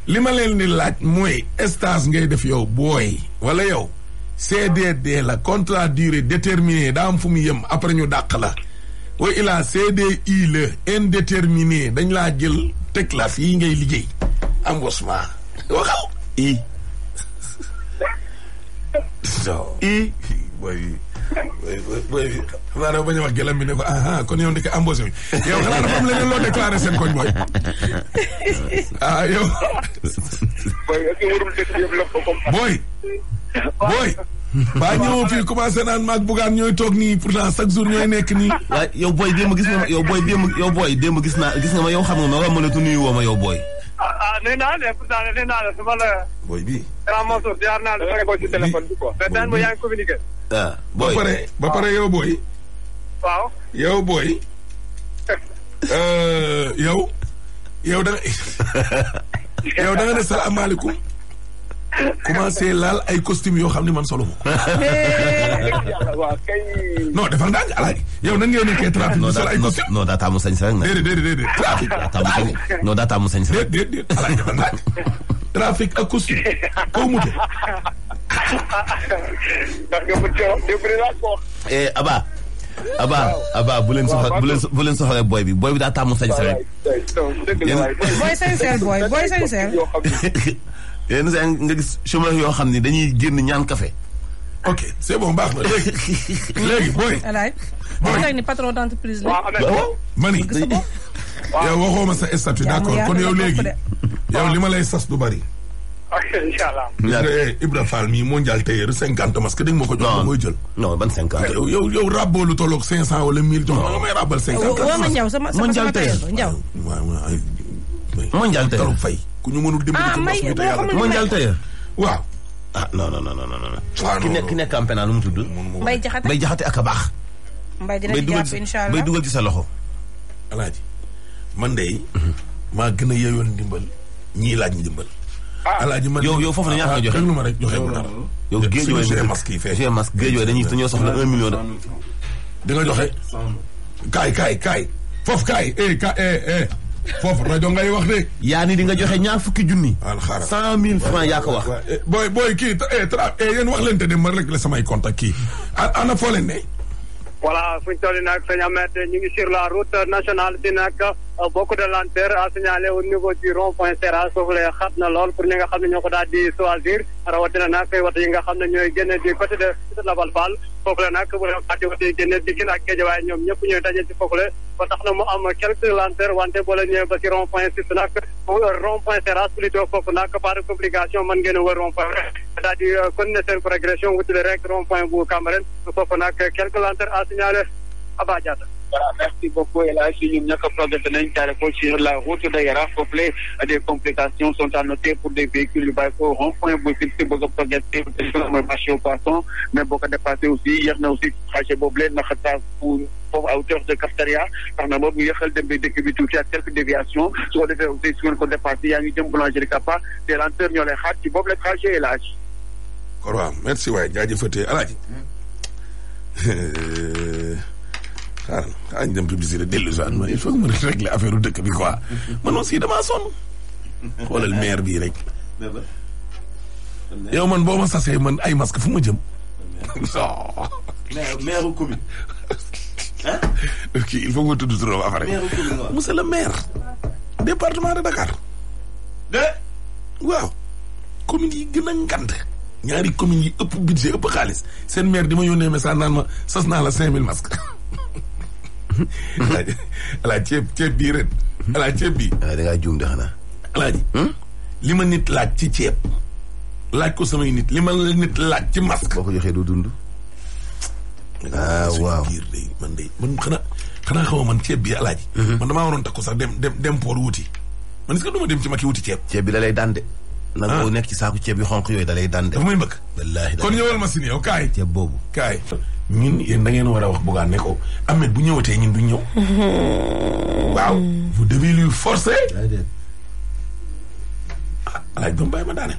li ma leen di laaj mooy stage ngay def yow booy wala yow. CDD la contrat durée déterminée daa am fu mu yem après ñu dàq la wa ilaa CDI la indéterminé dañ laa jël teg la fii ngay liggéey embauchement waxal i i booy booy booy xanaa dafa bañ a booy ah, booy. booy. baa ñëwoon fii commencé naan maag bugaan ñooy toog nii pourtant chaque jour ñooy nekk nii. waaye yow booy démb gis nga yow booy démb booy démb gis naa gis nga ma yow xam nga ma war ma la nuyu woo ma yow booy. ah, ah naa ne pourtant nee ma la. booy bii. bi quoi. mais daan ma yaa ah, booy ba pare ba pare yow booy. waaw yow booy. Euh, yow yow da nga commencé laal ay costume yoo xam ne man solo ma waaw kay. non defal ndànk alaay yow nan ngeen nekkee no non daa no daa taamu sañ a rek. déedéet déedéet déedéet trafic. daa taamu sañ non daa taamu sañ si rek. déedéet déedéet alaay defal ndànk trafic ak costume kaw mu te. Aba. Aba Aba bu leen soxla bu leen bu leen soxla booy bi daa taamu sañ yenn saa nga gis chômeur yoo xam ni dañuy génn ñaan café ok c'est bon baax na léegi léegi booy. alaay booy ni patron d'entreprise la. waaw ma sa statut d'accord kon yow léegi yow li ma lay sas du bari. incha allah. Eh, Ibra Fall mii mondial tailleur cinquante masque dañ ma ko jox. mooy jël non eh, yow yow yow rabboo lu tolloog cinq cent wala mille jox ma may rabbal cinquante. mondial tailleur waaw waaw mondial fay. ku ñu mënul dimbali ah, ci mbas mi te yàlla mondial tey waaw ah ki nekk ki nekk am penaa nu mu tudd mbay jaxate a baax mbay dina ci jàpp inshallah mbay de maa gën a yeyoon dimbal ñii laaj ñu dimbal ah. alaaji man yow yow foofu na ñaata nga joxe ma rek joxe bu dara yow géej yooyu suñu masque yi fee suñu masque géej yooyu dañuy dañoo soxla un million de di joxe kaay kaay kaay foofu kaay eh kaay eh, eh. foofu rajo ngay wax de. yaa ni di nga joxe ñaar fukki junni. alxara cent mille francs yaa ko wax. booy booy kii eh, tra eh, yéen wax leen te de ma régler samay contact kii ana foo leen ne. voilà fu ñu toll nag sëñ Ameth ñu ngi sur la route nationale bi Euh, beaucoup de lenteur à signaler au niveau du foofu la xat na lool pour ñi nga xam ne ñoo ko daal di choisir rawatina nag wata yi nga xam ne ñooy génne di côté de Labal Fall foofu la nag bu ati di gën ak ñoom ñëpp ñooy daje ci foofu la ba tax na foofu nag par complication mën ngeen a wër rond-point daal di euh, continuer seen progression wutile rek rond-point bu Cambérène foofu nag quelques lenteurs à signaler Voilà, merci beaucoup. Et là, si nous avons sur la route de Yara, complet, des complications sont à noter pour des véhicules au rond-point, c'est beaucoup progressé, marché au passant, mais beaucoup dépassé aussi. Hier, nous aussi, trajet Boblé, nous avons foofu à hauteur de Cafetaria tax na boobu yéexal dem bi dëkk bi tuuti ak quelques déviations su ko defee aussi su ngeen ko dépassé yaa ngi jëm boulangerie Kappa te lenteur ñoo lay xaar ci boobu la trajet El Hadj kon waaw merci waay jaajëfatee El Hadj hmm. xaaral xaaral jëm dem publicité dellu si ma il faut que ma régler dëkk bi quoi man aussi damaa sonn. xoolal maire bii rek. yow man boo ma sasee man ay masque fu ma jëm. maire maire commune. ok il faut que le maire. département de Dakar. de. waaw. communes yi gën a ngand. ñaari communes yi ëpp budget ëpp xaalis seen maire di ma yónnee message naan ma sas naa la cinq mille masques. alaaji alaaji ceeb ceeb bii rek alaaji ceeb bii. Ah, da ngaa juum de xanaa. alaaji. Hmm? li ma nit laaj ci ceeb. laaj ko samay nit li ma la nit laaj ci masque. joxee du dund. ah waaw man de man xanaa xanaa xaw man ceeb bi alaaji. Mhm. man damaa waroon takku sax dem dem dem poor wuti. man est-ce que du ma wuti ceeb. ceeb bi da lay dande. na nga ah. nekk ci saaku ceeb yu xonq yooyu da lay dande. dafa may mbëkk. wallaahi kon ñëwal ma boobu kaay. ñun yéen da ngeen war a wax Bougane ne ko Ahmed bu ñëwatee ñun du ñëw. waaw vous devez lui forcer. ah alaaj doom bàyyi ma daane.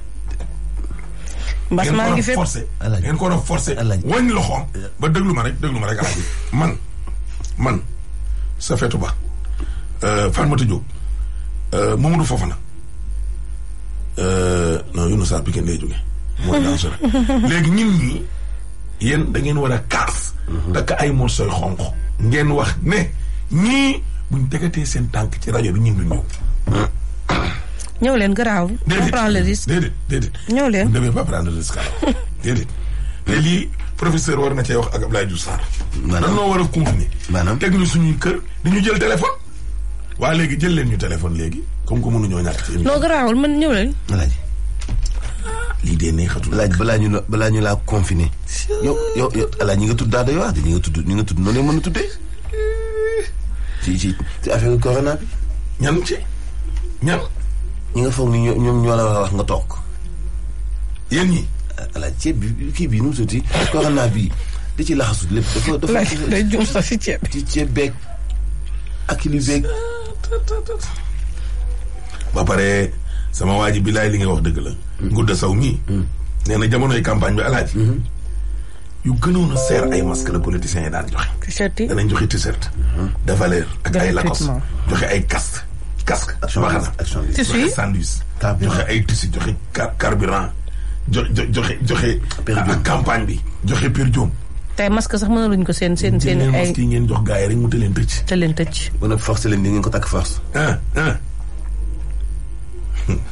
mbas maa ngi ngeen ko war a forcer ngeen ko war a forcer wàññi loxoom ba déglu ma rek déglu ma rek alaaj man man sa fetu ba euh, Fatmata Diop na euh, Fofana euh, non Younoussa bi kenn lay jóge mooy dangereux léegi ñun yéen da ngeen war a kaas. takk ay morsoy xonq ngeen wax ne ñii buñ tegatee seen tànk ci rajo bi ñun du ñëw. ñëw leen garaaw. déedéet on prend le risque déedéet déedéet. ñëw leen on ne devait pas prendre le risque alors déedéet. léegi lii professeur war na cee wax ak Abdoulaye Diouf Sarr. maanaam noo war a continuer. maanaam teg ñu suñuy kër di ñu jël téléphone. waa léegi jël leen ñu téléphone léegi comme que mënuñoo ñàkk ci. non garaawul man ñëw leen. lii dee neexatul. laaj balaa ñu la balaa ñu laa confiné. yow yow yow alaa ñi nga tudd daa doy waar de ñi nga tudd ñi nga tudd noonu mën a tuddee. ci ci ci affaire corona bi. ñi nga foog ni ñoom ñoo la wax nga toog. yéen ñi. alaa ceeb bi kii bi nu mu tuddati corona bi di ci laxasut lépp dafa dafa. laaj day sax si ceeb. ci ceeb beeg ba pare. sama waa ji bilaay li nga wax dëgg la. ngudda mm-hmm. saw mii. Mm-hmm. nee na jamonoy campagne bi alaaji. Mm-hmm. yu gënoon a seer ay masque la politiciens yi daan joxe. t-shirt yi danañ joxe t-shirt. de valeur ak ay lacoste joxe ay casque. casque baxana tissu joxe joxe ay tissu joxe carburant jo joxe joxe. ak campagne bi joxe per diem. tey masque sax mënaluñ ko seen seen seen. ay masque ngeen jox gars yi rek mu tëleen tëcc. tëleen tëcc. mën a force leen di ngeen ko takk force. Ah, ah.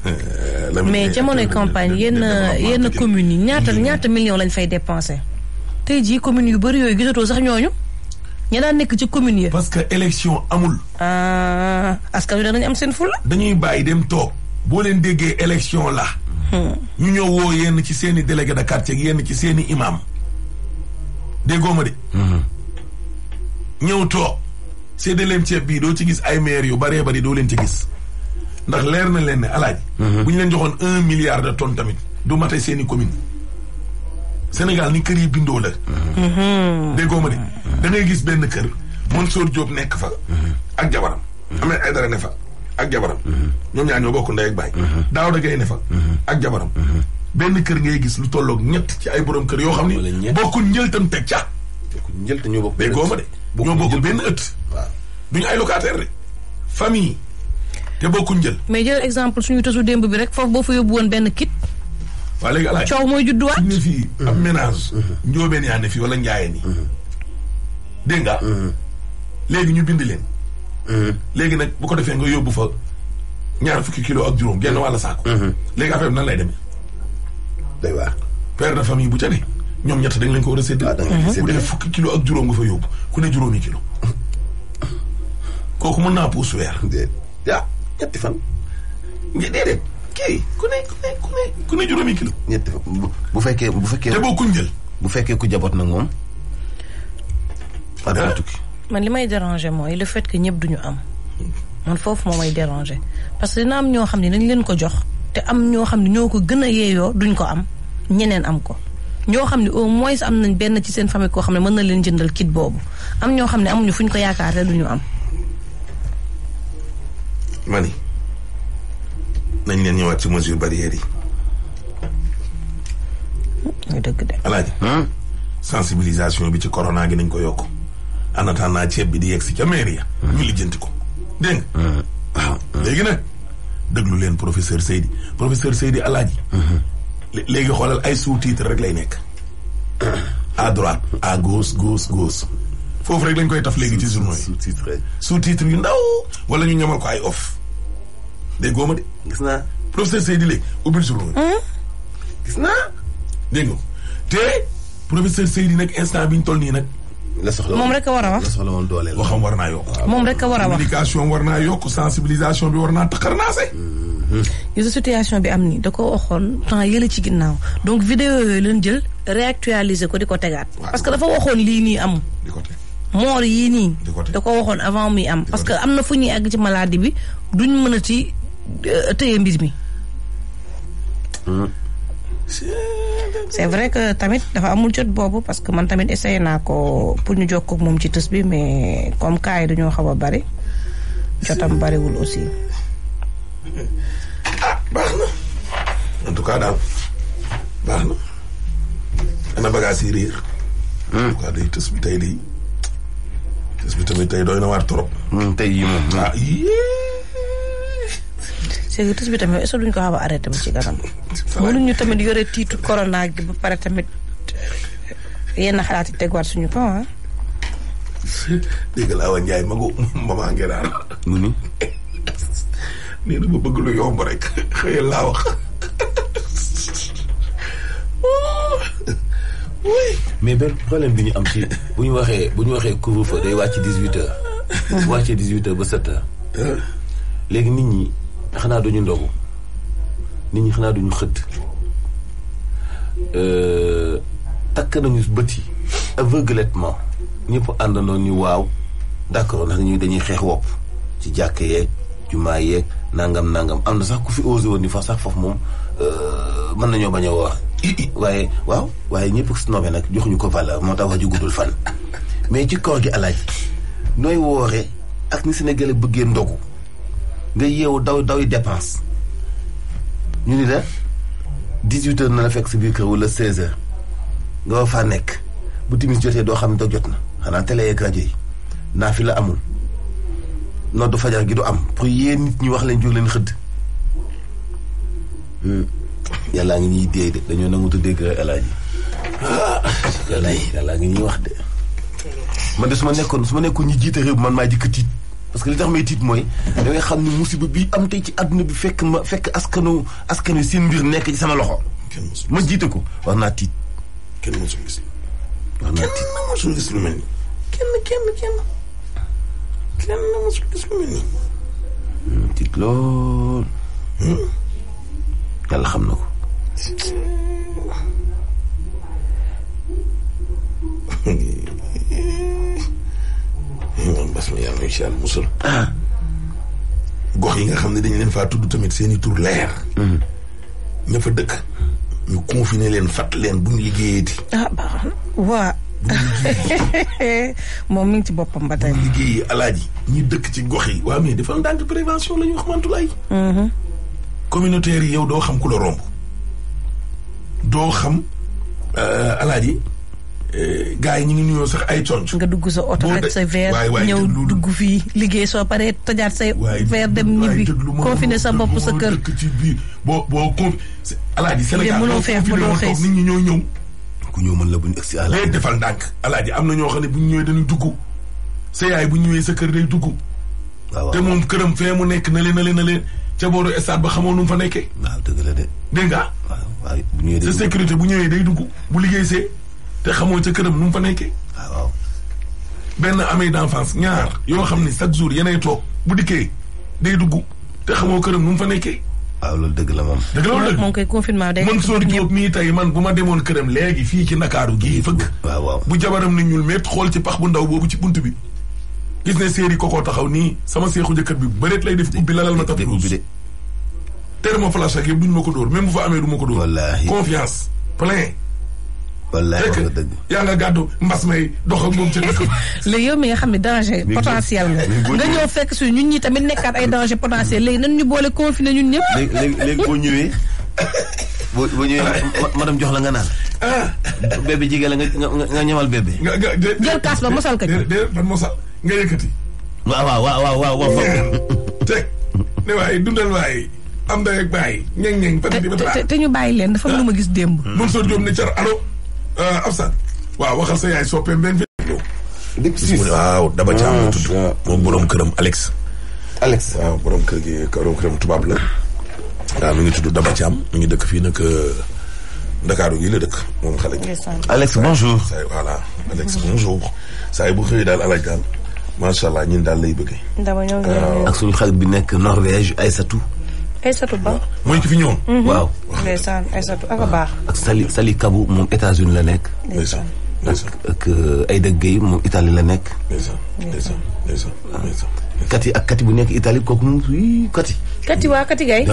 Euh, mais jamonoy campagne yenn yenn communes yi ñaata mm-hmm. ñaata millions lañ fay dépensé. tey jii communes yu bëri yooyu gisatoo sax ñooñu. ña daan nekk ci communes yi. parce que élection amul. Ah, askan wi am seen fulla. dañuy bàyyi dem toog boo leen déggee élection la. Hmm. ñu ñëw woo yenn ci seen i délégué de quartier yenn ci seen i imam déggoo ma de. Hmm. ñëw toog séddaleen ceeb bii doo ci gis ay maire yu baree bari doo leen ci gis. ndax leer na leen ne alaaji mhm. bu ñu leen joxoon un milliard de tonnes tamit du mate seeni i commune Sénégal ni kër yi bindoo la mhm. déggoo ma de mhm. da gis benn kër Mansour Diop nekk fa ak jabaram Ahmed Aïdara ne fa ak jabaram ñoom ñaar ñoo bokk ndey ak ne fa ak jabaram benn kër ngay gis lu tolloog ñett ci ay borom kër yoo xam ni bokkul njëltam teg ca njëlt ñoo bokk déggoo ma de ñoo bokk benn ëtt duñu ay locataire de famille te bokkuñ jël. mais exemple suñu tësu démb bi rek foofu boo fa yóbbu woon benn kit. waa léegi alaay coow mooy judduwaat suñu ne fii am mm-hmm. ménage. Mm-hmm. njóobeen yaa ne fii wala njaayeen yi. Mm-hmm. dégg nga. léegi ñu bindi leen. léegi nag bu ko defee nga yóbbu fa ñaar fukki kilo ak juróom genn wàlla saako. léegi affaire bi nan lay demee. day waar père de famille bu ca ñoom ñett dañ leen ko war a séddale. waaw bu dee fukki kilo ak juróom nga fa yóbbu ku ne juróomi kilo. kooku mën naa puus weer. ñetti fan. mais déedéet kii bu fekkee bu fekkee. te boo bu fekkee ku jaboot nag moom. dara man li may déranger mooy le fait ñëpp duñu am man foofu moom may déranger parce que dina am ñoo xam ne dañ leen ko jox te am ñoo xam ne ñoo ko gën a yeeyoo duñ ko am ñeneen am ko. ñoo xam ne au moins am nañ benn ci seen famille koo xam ne mën na leen jëndal kit boobu am ñoo xam ne amuñu ñu ko yaakaar te duñu am. ma ni nañ leen ñëwaat ci mesure barrières yi. muy dëgg hmm? sensibilisation bi ci corona gi nañ ko yokk en naa ceeb bi di yegg si ca mairie ya. Hmm. ñu lijjanti ko dégg hmm. Ah, léegi nag déglu leen professeur Seydi professeur Seydi alaaji. léegi xoolal ay sous-titres rek lay nekk. à droite à gauche goos gauche. foofu rek lañ koy taf léegi ci journaux yi. sous-titre sous-titre yu ndaw wala ñu ñamal ko ay off. dégg nga de. gis naa professeur Seydi léegi hmm? gis naa. dégg nga te professeur Seydi nag instant bi ñu toll nii nag. la soxla moom rek a war a wax la soxla woon dooleel waxam war naa yokk. moom rek a war a wax communication war yokk sensibilisation bi war naa taxar naa se. gis situation bi am ni da ko waxoon temps yële ci ginnaaw donc vidéo yooyu leen jël réactualiser ko di ko tegaat. parce que dafa waxoon lii nii am. di ko moor yii nii. da ko waxoon avant muy am. parce que am na fu ñuy àgg ci maladie bi duñ mën a ci euh, tëye mbir mi. Hmm. c'est vrai que tamit dafa amul jot boobu parce que man tamit essayé naa ko pour ñu jokkoo ak moom ci tës bi mais comme cas yi dañoo xaw a bari jotam bariwul aussi. ah baax na en tout cas daal ana bagaas yi réer. Hmm. en tës bi tey day. bés bi tamit tey doy na waar trop. Mm, tey mm, yi moom ah yii. c'est que tis bi tamit est ce tamit yore tiitu corona gi ba pare tamit yenn xalaat yi tegwaat suñu kaw ah. dégg nga Awa Ndiaye magu maman Ngiraar. mu ni. nee na bëgg lu yomb rek xëy laa wax. mais ba problème bi ñu am ci bu ñu waxee bu ñu waxee couvre-feu day wàcc dix huit heures. bu dix huit heures ba sept heures. léegi nit ñi xanaa duñu ndogu nit ñi xanaa duñu xëdd euh, takk nañu bët yi aveuglément ñëpp àndandoo ni waaw d'accord ndax ñuy dañuy xeex wopp ci jàkk yeeg jumaa yeeg nangam nangam am na sax ku fi osé woon ni fa sax foofu moom. Euh, mën nañoo bañ waaye waaw waaye ñëpp snobé nag joxuñu ko valeur moo tax wax ju guddul fan mais ci koor gi alaaj nooy woore ak ni Sénégalais bëggee ndogu nga yeewu daw dawi dépense ñu ni de dix-huit na la fekk si biir kër wala seize heures nga war faa nekk bu timis jotee doo xam ne da jot na xanaa tele yeeg rajo yi naa fi la amul noddu fajar gi du am pour yéen nit ñi wax leen jóg leen xëdd yàllaa ngi ñuy déey de dañoo nangutu dégg El Hadj yàllaa ngi ñuy wax de. man de su ma nekkoon su ma nekkoon ñu jiita réew man maa jëkk tiit parce que li tax may tiit mooy. da ngay xam ne musiba bi am tey ci àdduna bi fekk ma fekk askanu askanu seen mbir nekk ci sama loxo. ma jiite ko war naa tiit. kenn mosul gis. war naa tiit kenn mosul gis lu mel nii. kenn kenn kenn kenn mosul gis lu mel nii. Hmm, tiit lool. Hmm? yàlla xam na ko moom bas ah. gox yi nga xam ne dañu leen faa tudd tamit seeni tur leer hmm. ña dëkk ñu confiné leen fatt leen bu ñu liggéeyati ah waa moom mi ci boppam ba tey liggéeyi alaaji ñi dëkk ci gox yi waa mais dafa am prévention la ñu communautaire yi yow doo xam ku la romb doo xam euh, alaaji euh, gars yi ñu ngi nuyoo sax ay conc nga dugg sa oto ak sa verre ñëw dugg fii liggéey soo paree tajaat say verre dem ñibbi confiné sa bopp sa kër ci biir boo boo conf alaaji Sénégal mënoo feex mënoo xees nit ñi ñoo ñëw ku ñëw mën la bu ñu agsi defal ndànk alaaji am na ñoo xam ne ñëwee dañuy dugg sa yaay bu ñu ñëwee sa kër day dugg te moom këram fee mu nekk na leen na leen na leen ca booru stade ba xamoo nu mu fa nekke waaw dëgg la de. dégg nga. sa sécurité bu ñëwee day dugg bu liggéey see te xamoo ca këram nu mu fa nekkee. Ah, waaw benn amee d'enfance ñaar yoo xam ni chaque jour yeneen toog bu dikkee day duggu te xamoo këram nu mu fa nekkee. waaw ah, loolu dëgg la moom. dëgg loolu dëgg moom kay confinement day man Sori tey man bu ma demoon këram léegi fii ci nakaaru gii fëgg. waaw bu jabaram ni ñuul métti xool ci pax bu ndaw boobu ci bunt bi. gis ne ko kokoo taxaw nii sama seexu njëkkat bi bëreet lay def ubbi lalal ma tapis rouge thermoflash ak yëpp duñ ma ko dóor même bu amee du ma ko dóor wallaahi confiance plein dëgg yaa nga gàddu mbas may dox ak moom ca dëkk léegi yow mi nga xam ne danger potentiel nga nga ñëw fekk su ñun ñii tamit nekkaat ay danger potentiel léegi nan ñu boole confiné ñun ñëpp léegi léegi boo ñëwee boo boo ñëwee madame jox la nga naan ah. bébé jigéen la nga nga ñëwal bébé jël kaas ba mosal ka man mosal nga yëkkati. waaw waaw waaw waaw waaw. teg ne waaye dundal waaye. am na rek bàyyi. ñeeng ñeeng fan di ba te te ñu bàyyi leen dafa am lu ma gis démb. mun soo jóom ne car allo. Euh, Absa waaw waxal sa yaay soppeem benn fi. dëgg si waaw daba caamu tudd. Ah, ah. moom borom këram Alex. Alex waaw borom kër gi borom këram tubaab la. waaw mi ngi tudd Daba Thiam mi ngi dëkk fii nag euh, Ndakaaru gi la dëkk moom xale. Alex bonjour. voilà Alex bonjour. saa yi bu xëyee daal alaaj daal. macha allah ñun daal lay bëggee. dama ñëw ak suñu xarit bi nekk Norvège Aïssatou. Aïssatou Ba. mooy ki fi ñëwoon. Mhm. waaw ndeysaan Aïssatou ak a baax. ak Sali Sali Kabou moom États-Unis la nekk. ndeysaan ak euh, Aïda Gueye moom Italie la nekk. ndeysaan ndeysaan ndeysaan kati bu nekk itali ko moom ii kati. kati waa kati gay.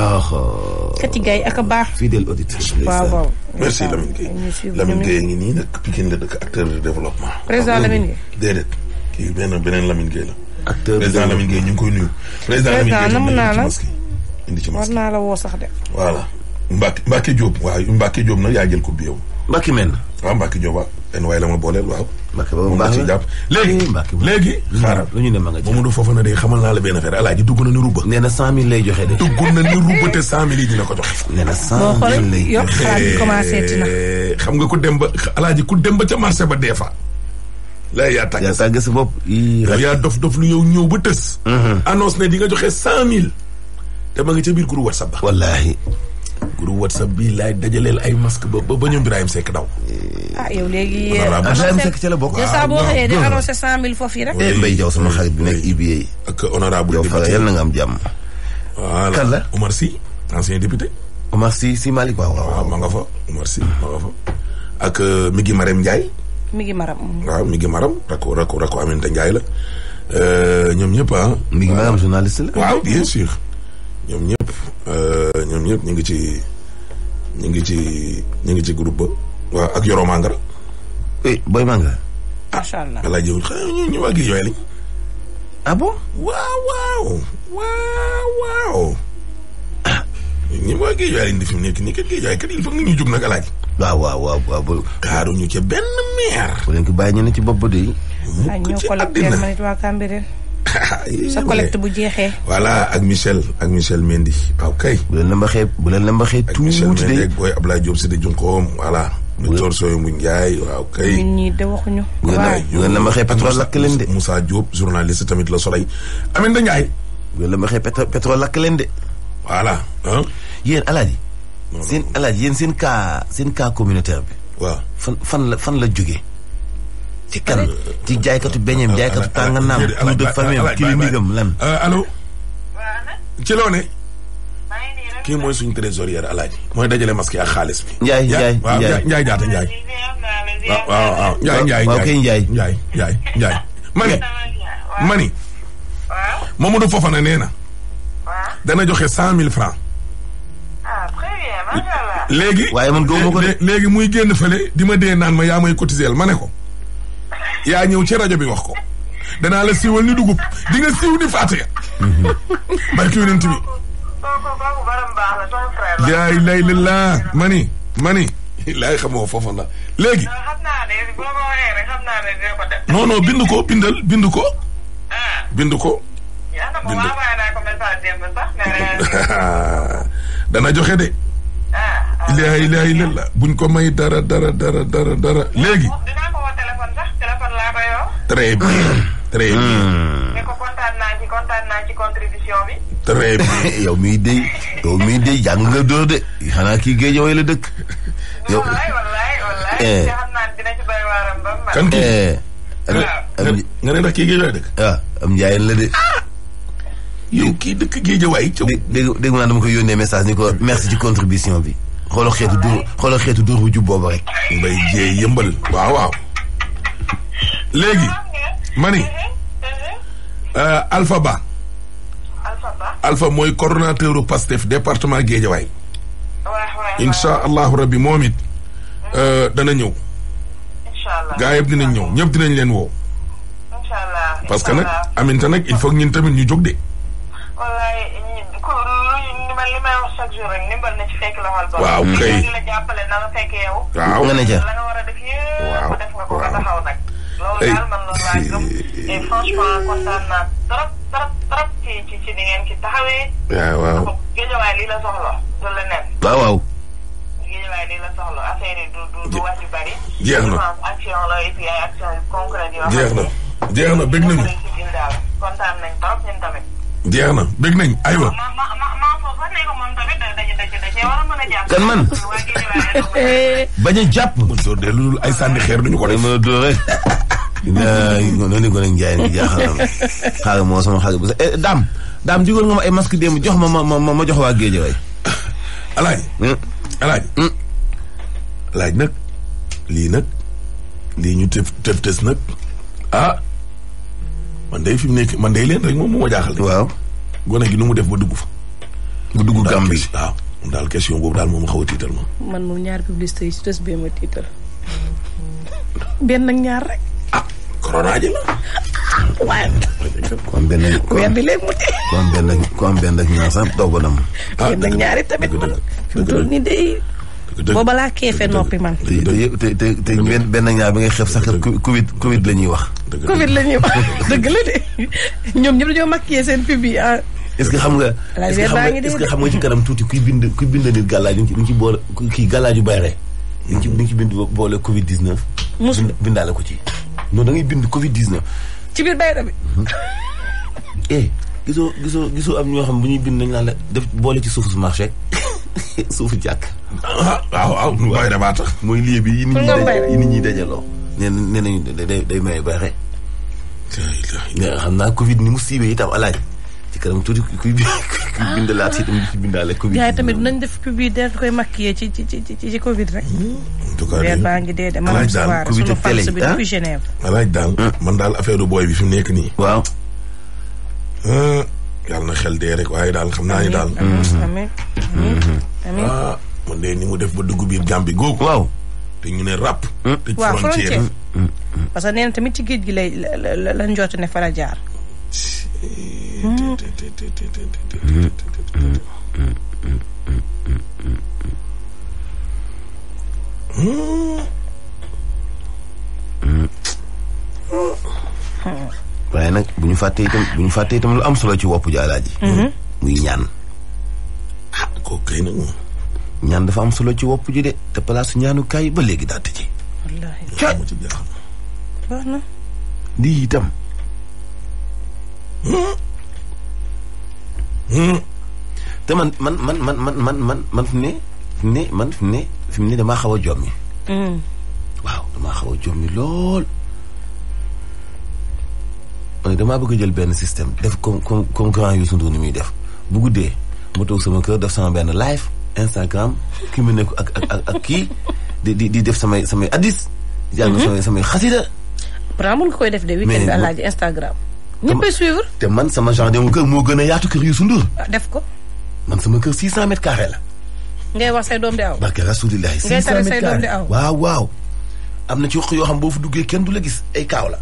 kati gay a baax. fidèle auditeur. waaw waaw merci Lamine Gueye. Lamine Gueye ngi nii nag Pikine la dëkk acteur de développement. président Lamine Gueye déedéet. kii benn beneen Lamine Gueye la. acteur président Lamine Gueye ñu ngi koy nuyu. président Lamine Gueye nam naa la indi ci masque war naa la woo sax de. voilà Mbacke Mbacke Diop waaw Mbacke Diop nag yaa jël coupe bi yow. Mbacke men waaw Mbacke Diop waaw. en waaye la ma booleel waaw. Mbacke boobu baax la léegi léegi. xaaral lu ñu ne ma nga moom du foofu na de xamal naa la benn affaire alaaji dugg na ni ruba. nee na cent mille lay joxe de. dugg na ni ruba te cent mille yi dina ko joxe. nee na cent mille lay joxe boo xoolee yokk xaalis commencé tina. Eh, xam nga ku dem ba alaaji ku dem ba ca marché ba des fois la yaa tàgg yaa tàgg sa bopp yow yaa dof dof lu yow ñëw ba tës mhm. annonce ne di nga joxe cent mille te ma ngi ca biir groupe whatsapp ba wallaahi groupe whatsapp bi laay dajaleel ay masque ba ba ñoom Birahim Seck daw ah yow léegi ah, Birahim Seck ca la bokk saa ah, boo xëyee di annoncé cent mille eh, bi nekk UBA ak honorable yal na nga am jàmm voilà kan la Omar Sy ancien député Omar Sy si Malick waaw ah, waaw ma nga fa Omar Sy ma fa ak euh, mi ngi Marème Ndiaye mi ngi maram. waaw mi ngi maram rakku rakku rakku Aminata Ndiaye la euh, ñoom ñëpp ah. mi ngi maram journaliste la. waaw bien sûr ñoom ñëpp euh, ñoom ñëpp ñu ngi ci ñu ngi ci ñu ngi ci groupe ba. waaw ak Yoro Mangara. eh Boy Mangara. macha allah ah El Hadj ñu ñu waa Guédiawaye lañ. ah waaw. waaw waaw. ñi waa géejuwaay lañ def ñu nekk nii kat géejuwaay kat il faut nga ñu jóg nag alaaj waaw waaw waaw waaw ba kaaruñu benn meer bu leen ko bàyyi ñu ne ci bopp ba dey mukk ci àddina manit sa collecte bu jeexee voilà ak Michel ak Michel Mendy waaw kay bu leen la bu leen la mbaxee tuuti de booy Ablaye Diop si de junkoom voilà docteur Soyo mu Ndiaye waaw kay ñun ñii de waxuñu bu leen la mbaxee pétrole lakk leen de Moussa Diop journaliste tamit la Soleil Aminata Ndiaye bu leen la mbaxee pétrole lakk leen de voilà. yéen alaaji. seen alaaji yéen seen cas seen cas communautaire bi. fan fan la fan la jógee. ci kan ci jaaykatu beñeem jaaykatu tànganaam. tur de famille am clinique lan. Euh, ci loo kii mooy suñu trésorière alaaji. mooy dajale masque ak xaalis bi. Ndiaye Ndiaye Ndiaye Ndiaye jaata Ndiaye. waaw waaw mani mani. Mamadou Fofana nee na. dana joxe cent mille francs ah très bien macha waaye man góobu ko léegi muy génn fële di ma dee naan ma yaa may cotiseel ma ko. yaa ñëw ci rajo bi wax ko. danaa la siiwal ni dugub di nga siiw ni Fatiha. barki yonent bi. yaay lay lillah mani mani laay xamoo foofu la léegi. Ah, non non bind ko bindal bind ko. Ah. bind ko. dana joxe de. Ah, ah. laa ilaaha illallaah buñ ko may dara dara dara dara dara léegi. dinaa ko woo téléphone sax téléphone laa bayoo. très bien hmm. très bien. Hmm. ne ko kontaan naa ci yow miy dey yow nga dóor de kii géej way la dëkk. yow wallaay wallaay eh. kan kii eh. nga ne ndax kii géej way dëkk. ah am njaayeen de. Ah, yow kii dëkk géejawaay cëw. dégg dégg naa dama koy yónnee message ni ko merci ci contribution bi. xoolal xeetu xool xoolal xeetu dóor jub boobu rek. mbay jéey yëmbal. waaw waaw. léegi. ma ni. Euh, Alpha mooy coordonnateur u PASTEF département géejawaay. incha allahu rabbi moom it. Euh, dana ñëw. incha gaa yëpp dinañ ñëw ñëpp dinañ leen woo. incha parce que nag aminta nag il foog ñun tamit ñu jóg de. wallaay li may li may wax chaque jour rek ndimbal na ci fekk loxol waaw kay li la jàppale na la a def trop trop trop ci ci ci ni ngeen waaw waaw géejawaay soxla du la nen. soxla affaire yi du du du wax yu na action na jeex na trop ñun jeex na bëgg nañ aywa. kan man. bañ a jàpp. mu door de lu dul ay sànni xeer ko def. dama door rek. noonu gën a njaay ni jaaxal moo sama xaaral bu sa eh, daam daam digoon nga ma ay masque démb jox ma ma ma ma jox waa géej waay. alaaj hmm? alaaj alaaj hmm? nag lii nag lii ñu tëf tëf nag ah, man day fi mu nekk man day leen rek moom moo ma jaaxal. waaw gone gi nu mu def ba dugg fa. ba dugg Gambie waaw daal question boobu daal moom xaw a tiital moom. man moom ñaar publicité yi si des bee tiital. benn ak ñaar rek. ah corona ji la. waaye. kon benn ko am bi léegi mu dee. ku am benn ku am benn ak ñaar sax a dem. tamit man. dëgg la dëgg la booba laa keefee noppi man. benn benn ñaar bi ngay xeeb sax covid covid la wax. covid la ñuy wax dëgg la de ñoom ñëpp dañoo maquillé seen pub yi ah. est que xam nga est-ce que xam nga ci kanam tuuti kuy bind kuy bind nit gàllaaj ñu ngi ci boole kii gàllaaj yu bare. ñu ngi ci ñu ngi ci bind bindaale ko ci. non da ngay bind Covid 19. ci biir bayra bi. Mhm. eh gisoo gisoo am ñoo xam bu ñuy bind nañ naan def boole ci suuf su marché. suufu jàkk. Ah, waaw waaw mooy damaa tax. mooy lieu bi yi nit ñi dajaloo. nee nee nañu day day may bare. mais xam naa Covid ni mu siiwee itam alaaj ci ah. Covid. def pub yi daal koy maquillé ci ci ci ci Covid rek. Hmm, en tout dee de maanaam subaar sunu fans ah? daal hmm. man daal affaire du booy bi fi nekk nii. waaw. Euh, yàlla na xel dee rek waaye daal xam naa ni daal. Mhm. Ah, mu def ba dugg biir Gambie googu. waaw te ñu ne rap. Mm. tëj frontière mm, mm, parce que nee tamit ci géej gi lay la la la njort ne fa la ñu fàtte itam bu ñu fàtte tam lu am solo ci wopp ji alaaji mhm. muy ñaan ah koo kay na moom ñaan dafa am solo ci wopp ji de te place ba léegi daal tëji baax na lii hmm? hmm? te man man man man man man man man fi ne fi ne damaa xaw jommi hmm. waaw damaa xaw jommi lool damaa bëgg jël benn système def comme comme comme grand Youssou Ndour ni muy def bu guddee ma toog sama kër def sama benn live Instagram cumulé ko ak ak ak kii di di def samay samay addis. jàng mhm. samay samay xasida. Braham mun nga koy def de weekend alaaji Instagram. ñëpp a suivre. te man sama genre demu kër moo gën a yaatu kër Youssou Ndour. Ah, def ko. man sama kër 600 mètres carrés la. ngay wax say doom di aw. barke waaw waaw. am na ci yoo xam boo fu duggee kenn du la gis ay kaaw la.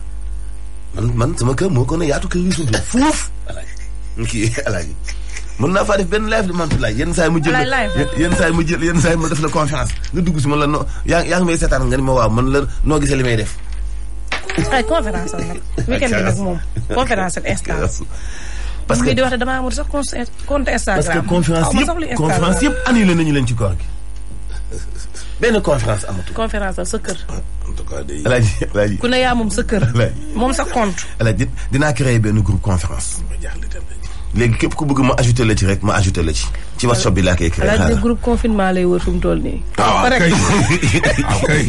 man man sama kër moo ko ne yaatu kër Youssou Ndour fuuf. kii alaaji mën naa faa def benn live de man laaj yenn saa yi mu jël yenn saa yi mu jël yenn saa yi ma def la confiance nga dugg si man la no yaa ngi may seetaan nga ni ma waaw man la noo gisee li may def. ay moom conférence am instant. parce que muy di wax dama amul sax compte yëpp conférence yëpp annulé nañu leen ci koor gi. benn conférence amatul. conférence am sa kër. en ku ne yaa moom sa kër. moom sa compte. alaaji dina créer benn groupe conférence. léegi képp ku bëgg ma ajouté la ci rek ma ajouté la ci. ci whatsapp bi laa koy créé. xaaral alaaji groupe confinement lay wër fi mu toll nii. ah kay ah kay.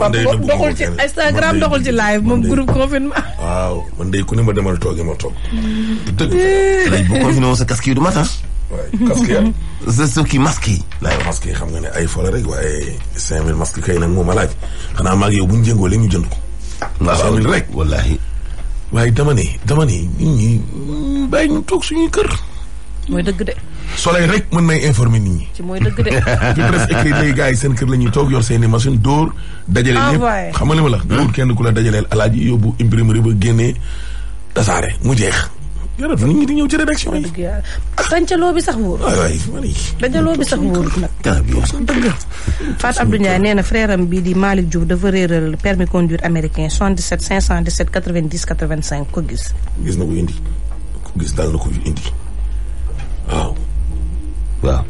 man day doxul ci moom groupe confinement. waaw man ku ne ma demal tooge ma toog. dëgg bu confinement sa casque yi du mat ah. waaye casque kii masque yi. laay masque yi xam nga ne ay fo la rek waaye 5000 masque kay nag moo ma laaj xanaa maa yow bu ñu jëngoo léegi ñu jënd ko. waaw 5000 rek wallaahi. waaye dama ne dama ne nit ñi mm, bàyyi ñu toog suñuy kër. mooy dëgg de. soleil rek mën nay informer nit ñi. ci mooy dëgg de. ci gars yi seen kër la ñuy toog seen seeni machine dóor. dajale ah, ñëpp xam nga li ma la. kenn ku la dajaleel alaaji yóbbu imprimerie ba génnee tasaare mu jeex. jërëjëf nit ñi di ñëw ci rédaction yi. dancaloo bi sax wóorul. waay waay dancaloo bi sax wóorul nag. dëgg Fatou Abdou Ndiaye nee na frère am bii di Malick Diouf dafa réeral permis conduire américain 77 517 90 85 ko gis. gis na ko indi ko gis daal na ko indi waaw. waaw.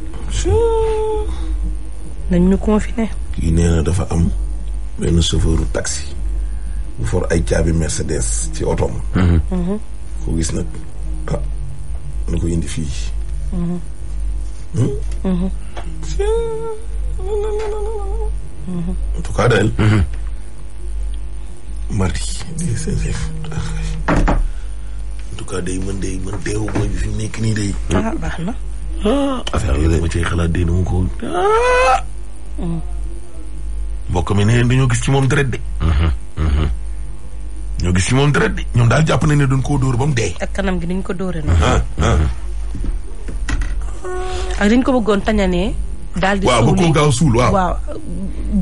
nañ ñu confiné. kii nee na dafa am benn chauffeuru taxi bu for ay caabi Mercedes ci otoom. Mm-hmm. ko gis nag. ah na ko indi fii. Mm-hmm. Hmm? Mm-hmm. Mm-hmm. en tout cas daal. mardi day seef ah, en tout cas day mën day mën teewu ma fi mu nekk nii ah baax na. Ah, affaire yooyu ma cay xalaat de dama ko. mbokk mi nee nañu gis ci moom deret ñoo gis si moom deret di ñoom daal jàpp nañ ne doon koo dóor ba mu dee. ak kanam gi niñ ko dóoree noonu. Ah, ah. ak dañ ko bëggoon tañanee daal di waaw ba koo gaaw suul waaw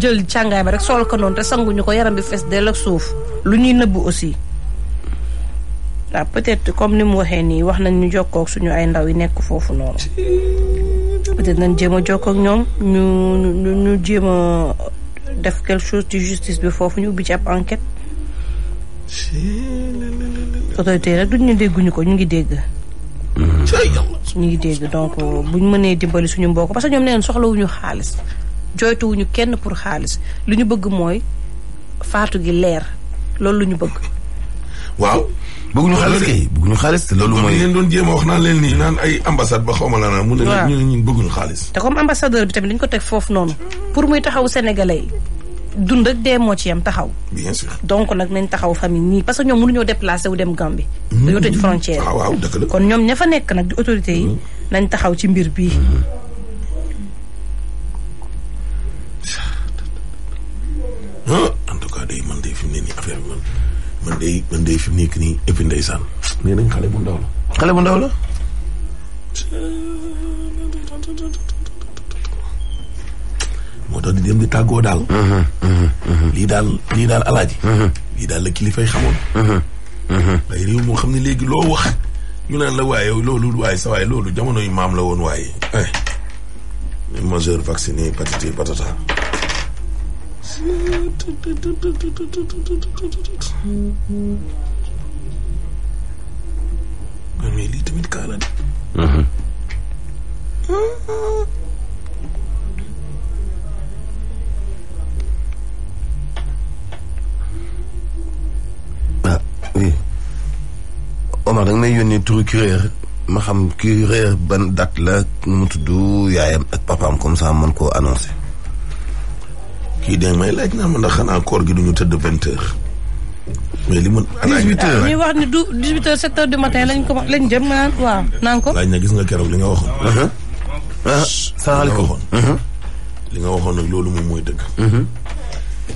jël càngaay ba rek sol ko noonu te sanguñu ko yaram bi fees del ak suuf lu ñuy nëbb aussi waaw peut-être comme ni mu waxee nii wax nañ ñu jokkook suñu ay ndaw yi nekk foofu noonu peut-être nañ jéem a jokkook ñoom ñu ñu jéem a def quelque chose ci justice bi foofu ñu ubbi ci ab enquête autorité yi rek duñ ne dégguñu ko ñu ngi dégg. ñu ngi dégg donc buñ mënee dimbali suñu mbokk parce que ñoom neen soxlawuñu xaalis jooytuwuñu kenn pour xaalis lu ñu bëgg mooy faatu gi leer loolu lu ñu bëgg. waaw. bëgguñu xaalis kay bëgguñu xaalis loolu mooy. leen doon jéem a wax naan leen nii naan ay ambassade ba xaw ma laa mun nañu. ñu bëgguñu xaalis. te comme ambassadeur bi tamit dañu ko teg foofu noonu. pour muy taxaw sénégalais yi. dund ak dee moo ci yam taxaw. bien donc nag nañ taxaw famille nii parce que ñoo mënuñoo déplacé wu dem Gambie. Mm-hmm. dañoo ah, kon ñoom ña fa nekk nag di autorité mm-hmm. taxaw ci mbir bii. Mm-hmm. Ah, en tout cas day man day fi mu ne nii affaire bi man man day man day nii et ndeysaan nee nañ xale bu ndaw la. xale bu ndaw la. moo tax di di tàggoo daal. Mm-hmm, mm-hmm, mm-hmm. lii daal lii daal alaaji. lii daal la kilifay xamoon. day réew moo xam ne léegi loo wax ñu naan la waaye loolu waaye sa waaye loolu jamono maam la woon waaye. Eh. majeur vacciné patati patata. mais lii tamit kaala de. Ah, ah. may ni turu curéer ma xam curéer ban date la nu mu tudd yaayam ak papaam comme ça man ko annoncé kii de may laaj naa ma ndax xanaa koor gi duñu tëdd vingt heures mais li mën a huit heures ñuy wax ni lañ ko lañ ah, naan ko laaj na gis nga keroog li nga waxoon uh-huh. ah, salaamaaleykum uh-huh. li nga waxoon loolu moom mooy dëgg uh-huh.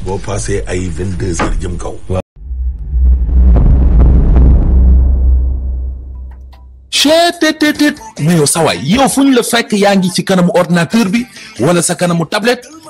boo passé ay vingt deux heures jëm kaw cheetetetet mais yow sa waay yow fu ñu la fekk yaa ngi ci kanamu ordinateur bi wala sa kanamu tablette